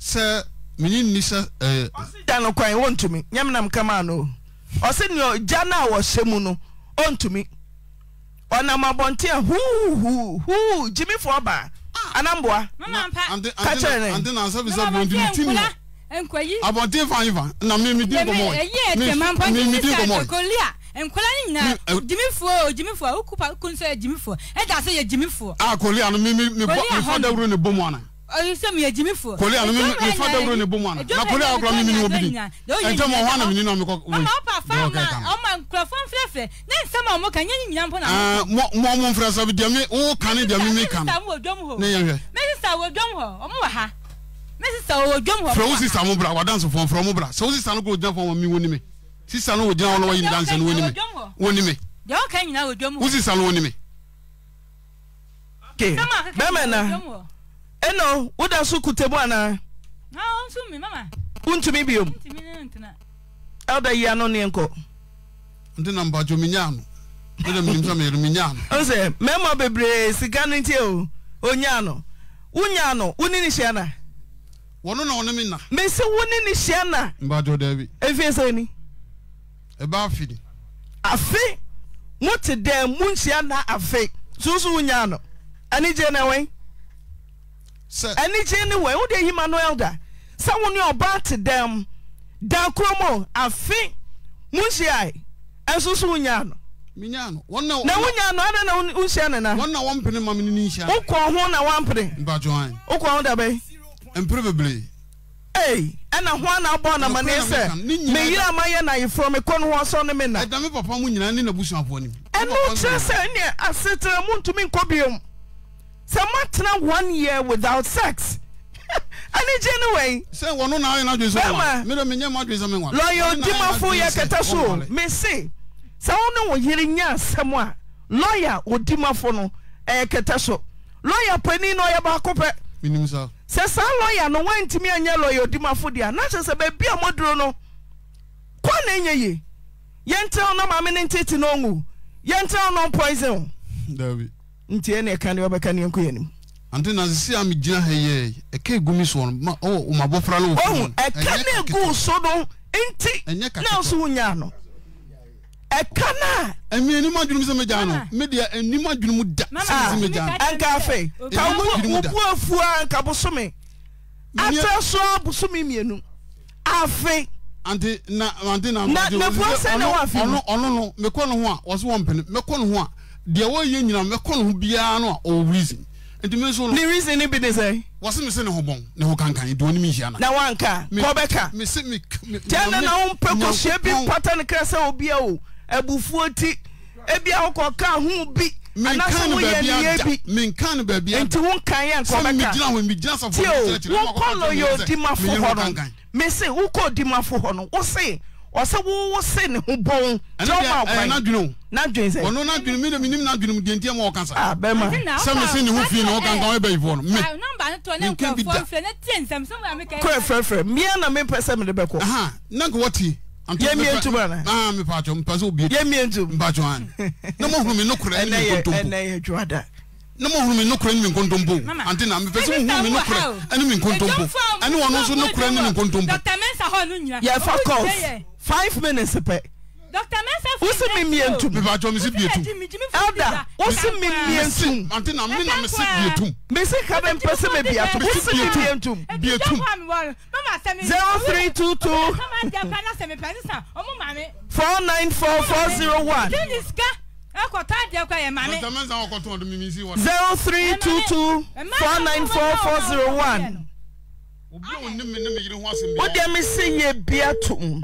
sɛ menyi nni sɛ ɛɛ eh, ɔsi gya no kwan wɔntumi nyɛm nam kama no ɔsi nea gya no a wɔhyɛ mu no ɔntumi ɔnam abɔnten huuhuuhuu gyimifoɔ baa anamboa ka kyerɛ ne abɔnten fa yi fa na mímí di nkɔmɔ yi mímí nkɔla ni nyinaa eh, jimifoɔ o jimifoɔ o kupa kunso yɛ jimifoɔ ɛda se yɛ jimifoɔ. a ah, koli ano mi mi mi fa dawuro ni bomu ana. oyi sɛ mi yɛ jimifoɔ. koli ano mi mi fa dawuro ni bomu ana na koli akɔla mi mi ni obi di ɛntɛ mɔ hɔn na mi ni mm. na mi kɔ. ɔmɔ ɔpa fan na ɔmɔ nkurɔfoɔ nfilɛfilɛ ne nsɛm a ɔmɔ kan nye nyina mpɔ na. Ah, mɔ mɔ mɔ nfilɛ sabi diɛ mi o kan ni diɛ mi mi kan. ne yɛn hɛ. mɛ sisan wo dɔm hɔ ɔmɔ wɔ ha mɛ sisan wo dɔm hɔ. fɛrɛ o sisan mo bila wa dansi fɔn fɛrɛ mo bila sisan sisa no wogyina hɔ na wayi e ne dansa no wɔnimi wɔnimi deɛ ɔka nyinaa wɔ dwom wo sisa no wɔnimi bɛma na ɛno woda so kuta mu anaa wontumi biom ɛwoda yi ano neɛ nkɔ nti na mpatwo menyaa no woda menim sɛ meyere menyaa no ɔsɛ mmarima bebree sika no ntie o onyaa no wonyaa no wone ne hyia na wɔno na wɔne me na mesi wone ne hyia na mpatwo daabi ɛfie e sɛ ni ɛba afiri afe mote dɛn mu nhyia na afe sunsun nyaa no anigye na wɛn anigye ne wɛn wode ayi manuel da sɛ wo ne ɔbaa te dɛn mu dan kuro mu afe mu nhyia ɛsunsun nyaa no na wonya no ada na wonhyia ne na wokɔ ho na wampere wokɔ ho dabɛi mpere bebree Hey, I'm one my a man from ɛna ho ana abɔ nama ne sɛ meyere ama yɛ na yeforɔ mekɔ no ho ɔsɔ no me na ɛno kyerɛ sɛ neɛ asetera montumi nkɔ biom sɛ moatena one year without sex anigye no wei bɛma lɔyɛ odimafo yɛ kɛtɛ so mese sɛ wo ne wo yere nya asɛm a lɔya odimafo no ɛyɛ kɛtɛ so lɔya panin na ɔyɛ baako pɛ minim sa. sɛ saa lɔya no wɔntumi anyɛ lɔya odimafo deɛ na kyerɛ sɛ baabi a moduro no kɔ na ɛnyɛ yie yɛntɛn no maame ne ntete no ɔngu yɛntɛn no poison. dabi. nti ɛka ne ɔbɛka ne nkɔ yɛn nim. ante na sisi a mi gyina ha yɛ ɛka egu mi soɔ no ma ɔwɔ ɔmo abɔfra no wɔ funu. ɔhun ne egu so no nti na nso wunya ano ɛka na. ɛmi enim adwene sɛ megya no me deɛ enim adwene mu da sɛ me gya no. ɛnka afei ka wo bu afu a nka bosome atɛ so bosome mmienu afei. ante na ante na. na mefuo sɛ na wa fi. ɔno ɔno no mekɔ ne ho a wɔso wɔn mpene mekɔ ne ho a deɛ wɔyɛ nyina mekɔ ne ho biara no a ɔwɔ reason nti mi nso. ni reason ni bi ni sɛ. wɔsi mi se ne ho bɔn ne ho kankan duoni mi nhyia na. na wanka kɔbɛka. mi se mi. tiɛ ne na mpɛ kɔ sie bi pata ne kira sɛ obi a o abufuo ti ebi akɔkɔ kaa ho bi anaso mo yɛ ni yɛ no baabi ada nti wo nkan yɛ nkɔ bɛka sɛ migyina sɔfo no kyerɛkyerɛ wo kɔ lɔyɛ odimafo hɔ no mese wo kɔ odimafo hɔ no wo se ɔsɛ wo wo se ne ho bɔn tí ɔmɔ akwan n'adwene n'adwene sɛ ɔno n'adwene mi na mi nim n'adwene mu diɛ ntiɛ mu ɔka sa bɛma sɛ mi se ne ho fi na ɔka nka ɔyɛ bɛyi fɔ no mi mi nkan bi da kɔ efrɛfrɛ miɛ na mi pɛ sɛ mi de bɛ kɔ. na nka yẹmi etu bá na. naa mi pàtó mi pàtó obi etu. yẹmi etu. mi pàtó hàn. ne mo hurumi ne kura ẹni mi nkontompo. ẹnẹ yẹ juada. ne mo hurumi ne kura ẹni mi nkontompo. àǹtí na mi pẹ sẹ mo hurumi ne kura ẹni mi nkontompo. ẹni wọn nso ne ẹni mi nkontompo. dr yẹ fa calls five minutes pẹ dr mẹsẹ fún mi. wosi mi mie ntum. bẹẹ bá jọ mi si bie tum. elda wosi mi mie ntum. nti na mi na mi si bie tum. mi si ka bẹ mpẹ si mi bie tum. wosi mi mie ntum. bie tum. zero three two two. Oh, four nine four four zero one. zero three two two four nine four four zero one. wo deɛ mi si ye bia tum.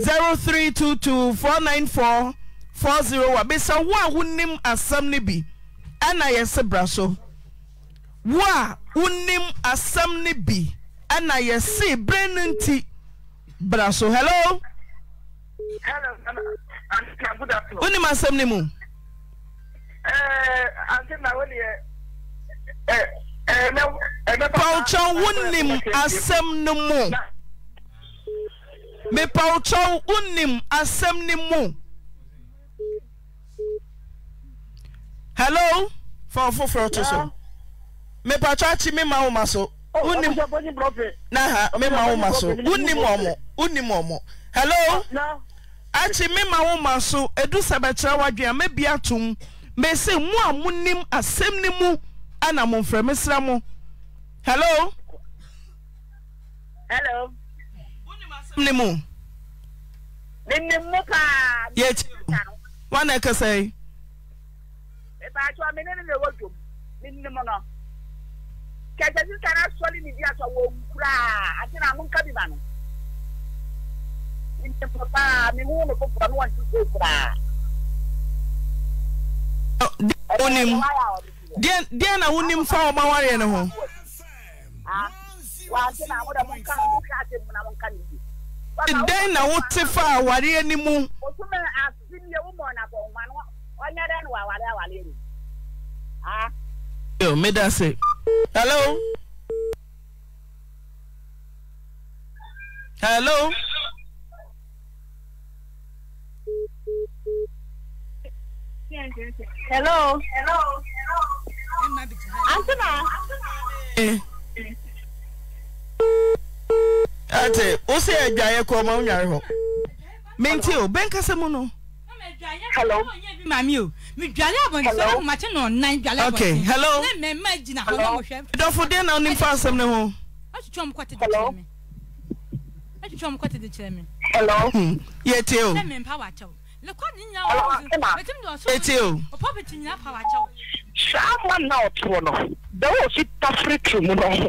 Zero zero. three two two four four four nine 0322494401 bɛsɛ wo a wonim asɛm no bi ɛna yɛse bra so wo a wonim asɛm no bi ɛna yɛse bere no nti bra so hello wonim asɛm no mu pɔwkyɛn wonim asɛm no mu mepawotwɛw wonim asɛm ne mu hello fa foforɔ to so mepatwɛ akyi me woma so oh, oh, wonim woma so wonim ɔmo wonim ɔmo hello ah, akyi me woma so edu sɛ bɛkyerɛ wadwea mebi atom mese mu a monim asɛm ne mu ana mo mfrɛ mo hello hello ne mu. Nne mu paa. Yɛ kyi. Wa na ɛkasa yi. Ìbáàtọ̀ mi ní ní wọ́n dùn mí ní mu nọ. Kẹ̀kẹ́ sísan náà sọ́lí mi bí aṣọ wọ̀ òun kúrà àti náà mú nkábì mà nù. Nne mu paa mi wú mi fúnfún ní wọ́n ti sè kúrà. Wonim. Deɛ na wonim fa ɔma wareɛ ne ho? Ah, wa ase na mo da mo nka mo nka ase mu na mo nka ne dɛn na wote fa awareɛ no mu meda se hello hello hello hello antena antena eh ate o sɛ adwaeɛ kɔ ma wonyare hɔ menti o bɛnkasɛ mu no hello mami o mi dwale abɔnten so ma kye na ɔnan dwale abɔnten okay hello ne mɛ mɛ gyina hɔ na mo dɔfo den na onim fa asɛm ne ho. atwitwa mu kɔte de kyerɛ mi atwitwa mu kɔte de kyerɛ mi. hello hmm, yɛ tie o. ne mɛ mpa wa kyɛw lekɔ ni nyina wa wusu wetin de ɔsoro e o ɔpɔ bɛ pa wa kyɛw. saa ma na ɔtɔ no bɛɛ wɔ fi tafiri tu mu na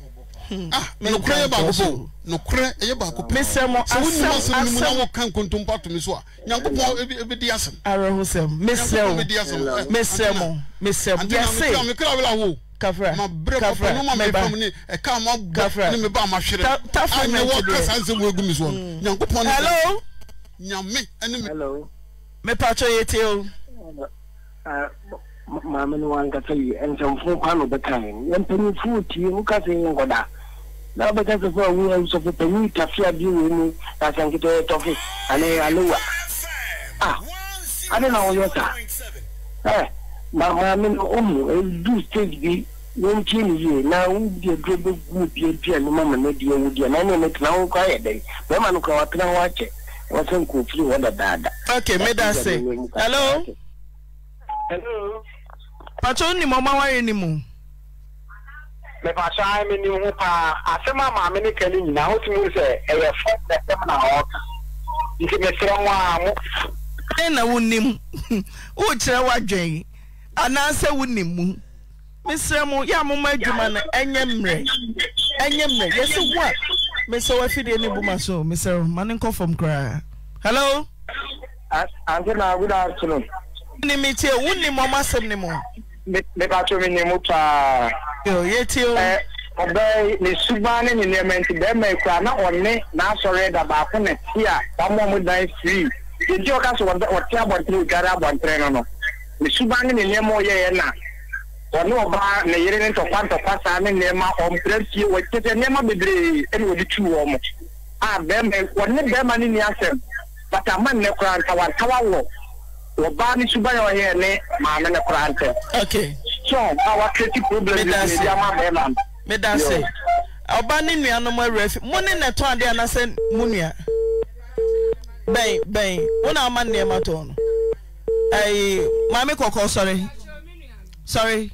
Ah, nokorɛ yɛ baako pɛ nokorɛ ɛyɛ baako pɛ sɛ wonni asɛm no mu na wɔka nkontompo ato me so a nyankopɔn bɛdi asɛm awerɛhosɛm mesrɛ eh, mesrɛ mesrɛ yɛsemekra wela wo kafra ma brɛ papa no ma mefam ne ɛka ma bɔ ne me ba ma hwere a ah, ne wɔka saa nsɛm wɔ gu mi soɔ no mm. nyankopɔn ne hello nyame ɛne me mepatwɔ yɛ tie o ah, maame no wankasa yi nsɛmfo kwa no bɛkae yɛmpanyimfoɔ tie woka sɛ yɛnkɔdaa na bɛka sɛ sɛ ɔwo awusɔfo panyin tafea bi wɔ mu asanketɛɛ tɔfe ane alewa a ade na wɔyɛ saa ɛ e, mahoame no ɔmu ɛdu stage bi wɔntie ne yie na wodeɛ duro bɛgu bia bia no mama no deɛ wo deɛ na ɛne no tena wo kɔ ayɛ dɛn bɛrima no kora watena hɔ akyɛ wɔsɛ nkɔfiri hɔ dadaada ok meda se hello hello patro nim ɔma ware ne mu mepasa ɛmi ni ho paa asɛm a maame ne kɛne nyinaa wotu mu sɛ ɛyɛ fɛ ɛsɛm na ɔka nti mesrɛ mu a mo. ɛn na wonim wokyerɛ wadwɛn anaasɛ wonim mu mesrɛ mu yɛ amoma adwuma no ɛnyɛ mmerɛ ɛnyɛ mmerɛ yɛsi ho a mesɛ wafidie ne boma so mesrɛ wo ma ne nkɔ fam koraa hello. asena good afternoon. ne metie wonim ɔmo asɛm ne mu mepa to me ne mu paa ɔbɛ ne suban ne ne nneɛma nti bɛrima ekura na ɔne n'asɔre ɛda baako na ti a wɔn a wɔn dan firi yedi ɔka so ɔte abɔnten odware abɔnten no no ne suban ne ne nneɛma ɔyɛ yɛ na ɔne ɔbaa ne yere ne ntɔkwa ntɔkwa saa ne nneɛma ɔmpere fie wɔkyekyɛ nneɛma bebree ɛna wɔde tu wɔn a bɛrima ɔne bɛrima ne ni asɛm bata ama ne koraa ntawantawa wɔbaa ụba ya a ɔyɛ ne maame ne koraa ntɛm so a wakreti problem bi ama bɛrima no meda se ɔbaa ne nuanom awura fi mo ne nɛtɔ ade anasɛ mu nua bɛn bɛn wo ama nneɛma tɔ no ɛyi maame kɔkɔɔ sɔre sɔre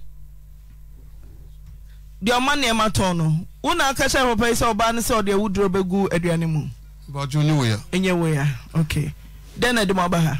deɛ ɔma nneɛma tɔ no wo aka kyerɛ papa yi sɛ ɔbaa no sɛ ɔde awuduro bɛgu aduane mu ɛnyɛ ya okay dɛn na ɛde mu aba ha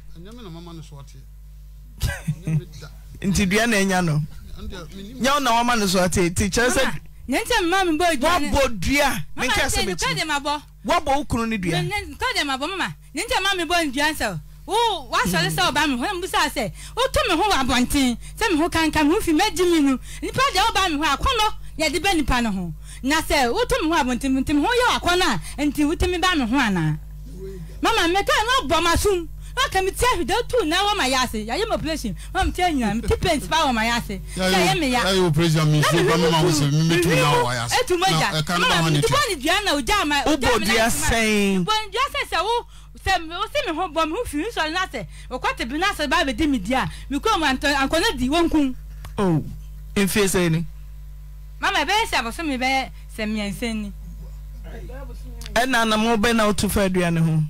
nyame na mama no so ɔteɛ nti dua na ɛnya no nyɛ wo na wama no so ɔte nti kyerɛ sɛ wabɔ dua ne sɛ bɛkyi wabɔ wo kunu ne dua wo wasɔre sɛ ɔba me ho na mbusa sɛ woto me ho wɔ abɔnten sɛ me ho kanka me ho fi mɛgye me no nipa deɛ woba me ho akɔnɔ yɛde bɛ nipa no ho na sɛ woto me ho abɔnten nti me ho yɛ akɔnɔ a nti wotumi ba me ho anaa mama meka na ɔbɔ m'asom aka mi ti ahwede tu na wɔ ma yaase yayɛ ma operation ma mi ti anyina mi ti paint pa wɔ ma yaase yayɛ mi ya yayɛ operation mi nsuo ba mi ma wosi mi mi tu na wɔ yaase etu mo ja mama mi ti bɔ ni dua na ogya ma ogya mi na kuma mi bɔ ni dua sɛ sɛ wo sɛ mi o si mi ho bɔ mi ho fi mi sɔrɔ na sɛ ɔkɔ te bi na sɛ ba bɛ di mi di a mi kɔ mu ankɔnɔ di wɔn kun. o nfe sɛ ni. mama ebe esi abosom ebe sɛ miɛnsa ni. ɛna anam bɛ na otu fɛ aduane ho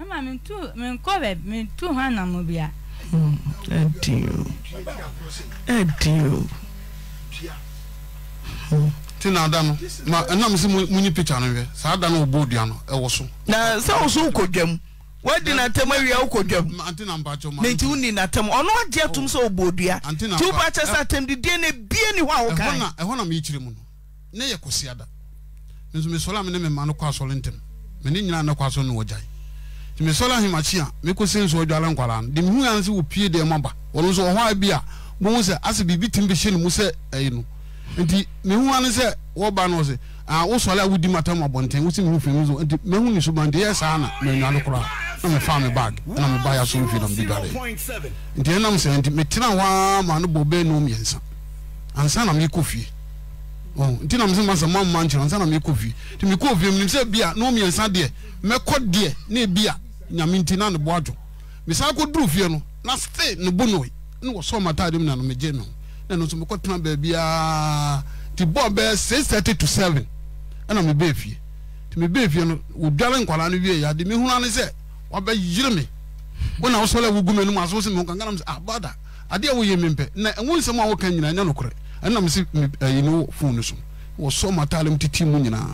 ama mi tu mi nkɔ bɛ mi tu hɔ anam bia. ɛdi hmm, o ɛdi o. ti na ada no ma ɛnam si mu nyi picha no hwɛ saa ada no ɔbɔ odua no ɛwɔ so. na sɛ woso wokɔ dwam wadi n'atam awia wokɔ dwam nti woni n'atam ɔno agye atom sɛ ɔbɔ odua nti woba kyɛ sɛ atam didie no bie ni hɔ a wokae ɛhɔ na meyikyire mu no ne yɛ kɔsi ada nso mesɔre a me ne me ma no kɔ asɔre ntɛm me ne nyinaa ne kɔ asɔre no wɔgyae nti mesɔre ahemakye a mekɔsɛ nsuo dwale nkwaraa no de mehu a sɛ wɔpie deɛ maba ɔno nso ɔhɔ a bi a bohu sɛ asɛ biribi tim bɛhyɛ ne mu sɛ ayi no nti mehu a no sɛ wɔba no sɛ wosɔre a wodi matam abɔnten wosi mehu firi mu so nti mahu ne soba nti ɛyɛ saa na manwa no koraa na mefa me bag ɛna meba yɛ asom fii na mede dwareɛ nti ɛnam sɛ nti metena hɔ a ma no bɔ bɛɛ nom yɛnsa ansa na mekɔ oh, fie nti na mesɛ masɛ mamma nkyerɛ fie nti mekɔ fie menim sɛ bia nom yɛnsa deɛ deɛ na ebia nyame nti na ne bo adwo mesan kɔduru fie no na se ne bo noe ne wɔsɔ mataade mu na no megye no na ɛno nso mekɔtena baabiaa nti bɔɔ bɛyɛ six thirty to seven ɛna mebɛɛ fie nti mebɛɛ fie no wɔdware nkwadaa no wie yɛade mehunu ane sɛ wabɛyere me wọn na wosɔlɔ wogu mi anim aso si mi nkankan mi sɛ abada ah, adeɛ woyɛ mi mpɛ na ɛwɔ nsɛm a wɔka nyinaa ɛnyɛ nokorɛ ɛnna mi si mi ɛyi eh, ne wɔ fon ne so wɔ sɔ ma taale mu titi mu nyinaa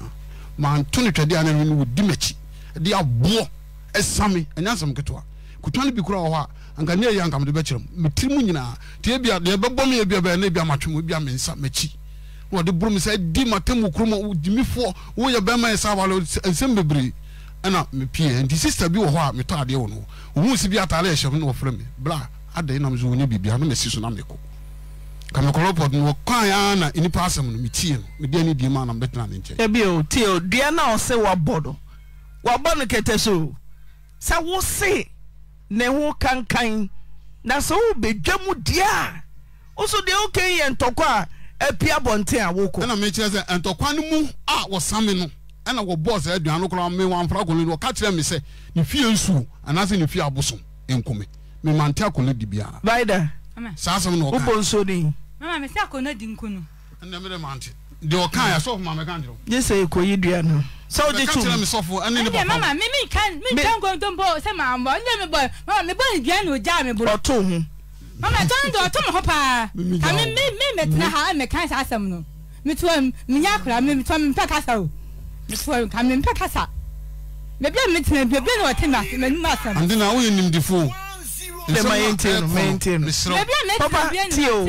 maa nto ne twɛdeɛ anɛ no wɔ m'akyi ɛde aboɔ ɛsame ɛnyɛ nsɛm ketewa kutuwa no bi kura wɔ hɔ a anka ne ɛyɛ anka mede bɛkyerɛ m metiri mu nyinaa nti ebia deɛ ɛbɛbɔ me ebia bɛyɛ na ebia matwe mu ebia me nsa m'akyi na wɔde boro sɛ di matemu kurom gyimifoɔ woyɛ bɛrima yɛ saa wale nsɛm bebree ɛna mepie nti sister bi wɔ hɔ a metɔ adeɛ wɔ no ohun si bi ataare ɛhyɛ mu na wɔfrɛ me bla adan nam so wɔnyɛ biribi ano na esi so na meko kamekɔrɔ pɔt no wɔkan ara na nipa asɛm no metie no mede ani die mu a na mebɛtena ne nkyɛn. ebi o tie o dua na ɔsɛ wabɔ no wabɔ no kɛtɛ so. sɛ wose ne ho kankan na sɛ wobɛdwa mu deɛ a woso deɛ woka yɛ ntɔkwa a api abɔnten a wokɔ ɛna mekyerɛ sɛ ntɔkwa no mu a wɔsame no ɛna wɔbɔɔ sɛ aduane no koraa me wamfra akɔle no wɔka kyerɛ me sɛ ne fie nsuo anaasɛ ne fie abosom nkome memante akɔle di biara baida saa asɛm na wɔwobɔ nsuo no mama mesɛ akɔna di nkono ɛnɛ mede mante deɛ ɔkaa yɛ sɛ ɔfoma mɛka nkyerɛ gye sɛ ɛkɔyi dua no sɛ wogye tom ɛdeɛ mama me mentwa nkontompo sɛ maambɔ ndɛ mebɔ mama mebɔ ne dua ne ogyaa me borɔ ɔto ho mama ɛtɔ no de ɔto me ho paa ka me mɛtena ha mɛka saa asɛm no metoa menya akora metoa mempɛ kasa o metoa ka mempɛ kasa baabi a metena baabi ne ɔte m'anim asɛm ante na woyɛ nimdifoɔ ma yɛntie no ma yɛntie no papa tie o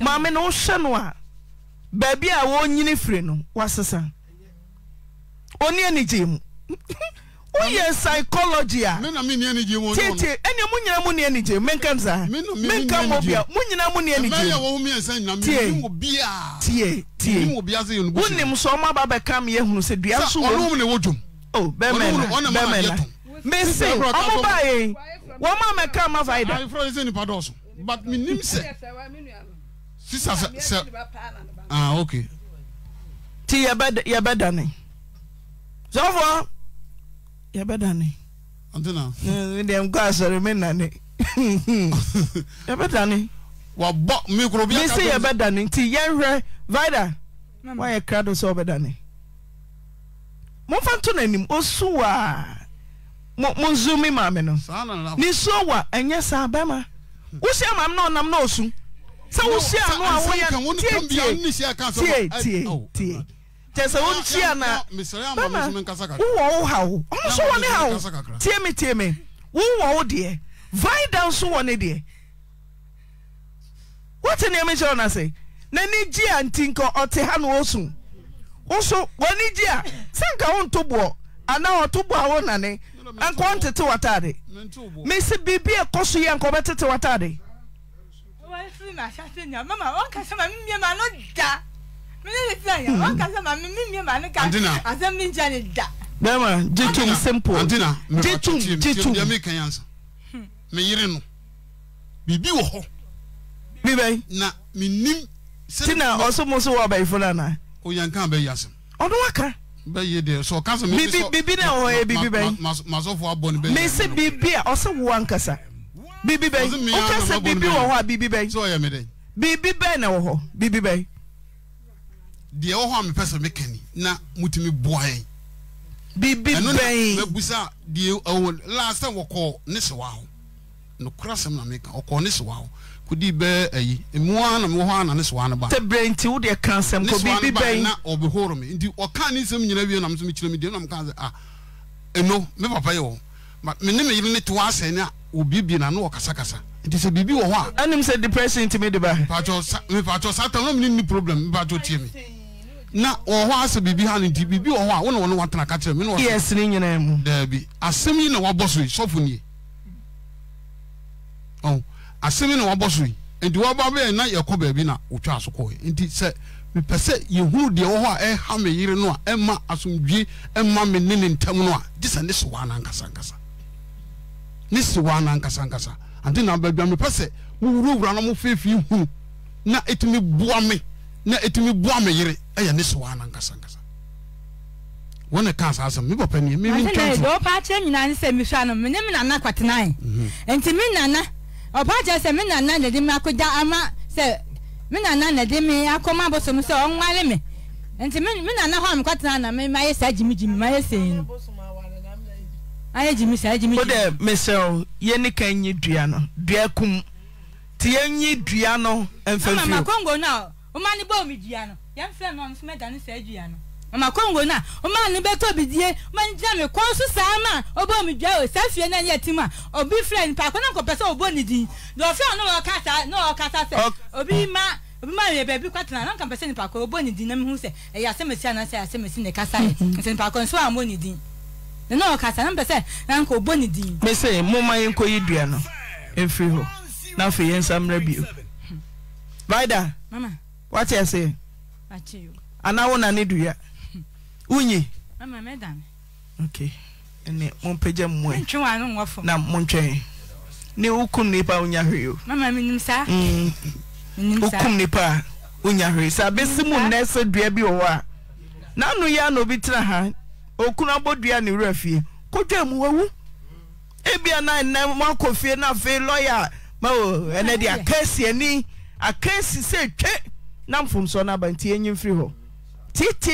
maame no wohyɛ no a baabi a wɔnyini firi no wasesa oni anigye mu woyɛ psychology a tiitie ɛnea mo nyina mo ne anigye mu menkam saa menkam mo nyina mo nyinaa mo ne anigye wonim sɛ ɔmo aba bɛka me yɛhunu sɛ dua so wɔ mese ɔmo baa yɛ wɔn mɛka ma faida. ti yɛ sọfọ yẹ bẹ dani ndé nkọ asọrọ mi nani yẹ bẹ dani vida kra do sọ ọ bẹ dani wa mo mo zoom maame no nisuo wa ɛnyɛ saa bɛma na ɔnam na sɛ tie tie tie tie. kyɛ sɛ wonkyia na wowɔ wo haw ɔno so wɔ ne haw tie me tie me wowɔ wo deɛ vae da nso wɔ ne deɛ wote no sɛ n'ani gye a nti nka ɔte ha na ɔsu wo so w'ani gye a sɛ nka wonto boɔ anaa ɔto boɔ a wonane anka ɔntete w'ataade mesi biribi a ɛkɔ so yɛ anka ɔbɛtete w'ataade wɔsi na ahyɛ ase mama ma mmea ma ano bẹẹma jitum simple jitum jitum mi yiri no bibi wɔ hɔ. bibɛ. na mi nim. tina ɔsumusu wɔ ɔbɛyifo nana. o yan kan bɛ yasem. ɔno waka. bɛ ye de sɔ kansa mi. bibi bibi na ɔyɛ bibi bɛ. masɔfo abɔ ni bɛ. mɛ se bibi a ɔsɛ wɔn ankasa bibi bɛ o kɛ sɛ bibi wɔ hɔ a bibi bɛ. bibi bɛ na wɔ hɔ bibi bɛ deɛ ɛwɔ hɔ a mepɛ sɛ meka ni na mutumi boa yɛn biribi bɛn mabusa deɛ ɛwɔ last time wɔkɔɔ ne sewa ho nokora sɛm na meka ɔkɔɔ ne sewa ho kodi bɛ ayi mmoa na mewɔ hɔ a ne sewa no ba tɛbrɛ nti wodeɛ ka sɛm kɔ biribi bɛn na ɔbɛhoro me nti ɔka ne nsɛm nyina wie na mso mekyerɛ me deɛ na meka sɛ ah eno me papa yɛ wɔ me ne me yere ne toa asɛe ne a obiebie na ne wɔkasakasa nti sɛ bibi wɔ hɔ a ɛnim sɛ depression ntimi de ba mepatwɔ saa tam na mene ni problem mepatwɔ tie me na wɔ hɔ asɛ biribi ha no nti biribi wɔ hɔ a wone wɔne watena ka kyerɛ mene yes ne nyinaa mu daabi asɛm yi na wabɔ so yi sɔfo nie ɔn asɛm yi na wabɔ so yi nti waba bɛyɛ na yɛkɔ baabi na wotwa so kɔɛ nti sɛ mepɛ sɛ yɛhunu deɛ wɔ hɔ a ɛha me yere no a ɛma asomdwe ɛma me ne ne ntam no a gye sɛ ne sewaa no ankasankasa ne sewaa no ankasankasa ante na baadwa mepɛ sɛ mowurawura no mofeefie na ɛtumi boa me na ɛtumi boa me yere ɛyɛ ne sewa no nkasankasa wɔne ka saa asɛm me papa nie mewɔpa akyerɛ nyinaa ne sɛ mehwɛ no mene me nana kwatenae mhm. enti me nana ɔpa akyerɛ sɛ me nana nade me akogya ama sɛ me nana nade me akɔma abosom sɛ ɔnwale me nti me nana hɔ a mekwatena na mayɛ saa gyimigyimi mayɛ sɛi no ayɛ gyimi saa gyimi wodɛ mesɛw yɛne ka nye dua no dua kum nti yɛnye dua no mfamfio mama kongo no a woma ne bɔɔ me dua no yɛmfrɛ no ɔno so mɛdane saa adua no mama kongo no a ɔma ne bɛtɔ bidie ɔma ne gyina me kɔn so saa ma ɔbɔ me dua o saa fie no anyɛ tim a obi frɛ nipa akɔ na nkɔpɛ sɛ ɔbɔ ne din de ɔfrɛ no wɔka saa na ɔkasa sɛ obi ma obi ma yɛ baabi kwatena na nka mpɛ sɛ nipa kɔ ɔbɔ ne din na mehu sɛ ɛyɛ asɛm asi anaasɛ asɛm asi ne kasa yɛ nti nipa kɔ nso ammɔ ne din na na ɔkasa na mpɛ sɛ na nka ɔbɔ ne din mɛsɛ moma yɛnkɔ yi dua no ɛmfiri hɔ na afei yɛnsa mmra bio hmm. vida wate aseɛ Anaghụ na ne dua wonyi ɛne mompagya mmua na montwɛn ne wokum nipa a wonya hwee o mm. wokum nnipa a wonya hwee sɛ abɛsi mu nnɛ sɛ dua bi wɔ a na anụ ya na obi tena ha abɔ dua ne mu wawu ebia na nnɛ mo fie na afei lɔya ma o ɛnɛ de akɛsi ani akɛsi sɛ na mfomsoɔ no aba nti ɛnyi mfiri hɔ titi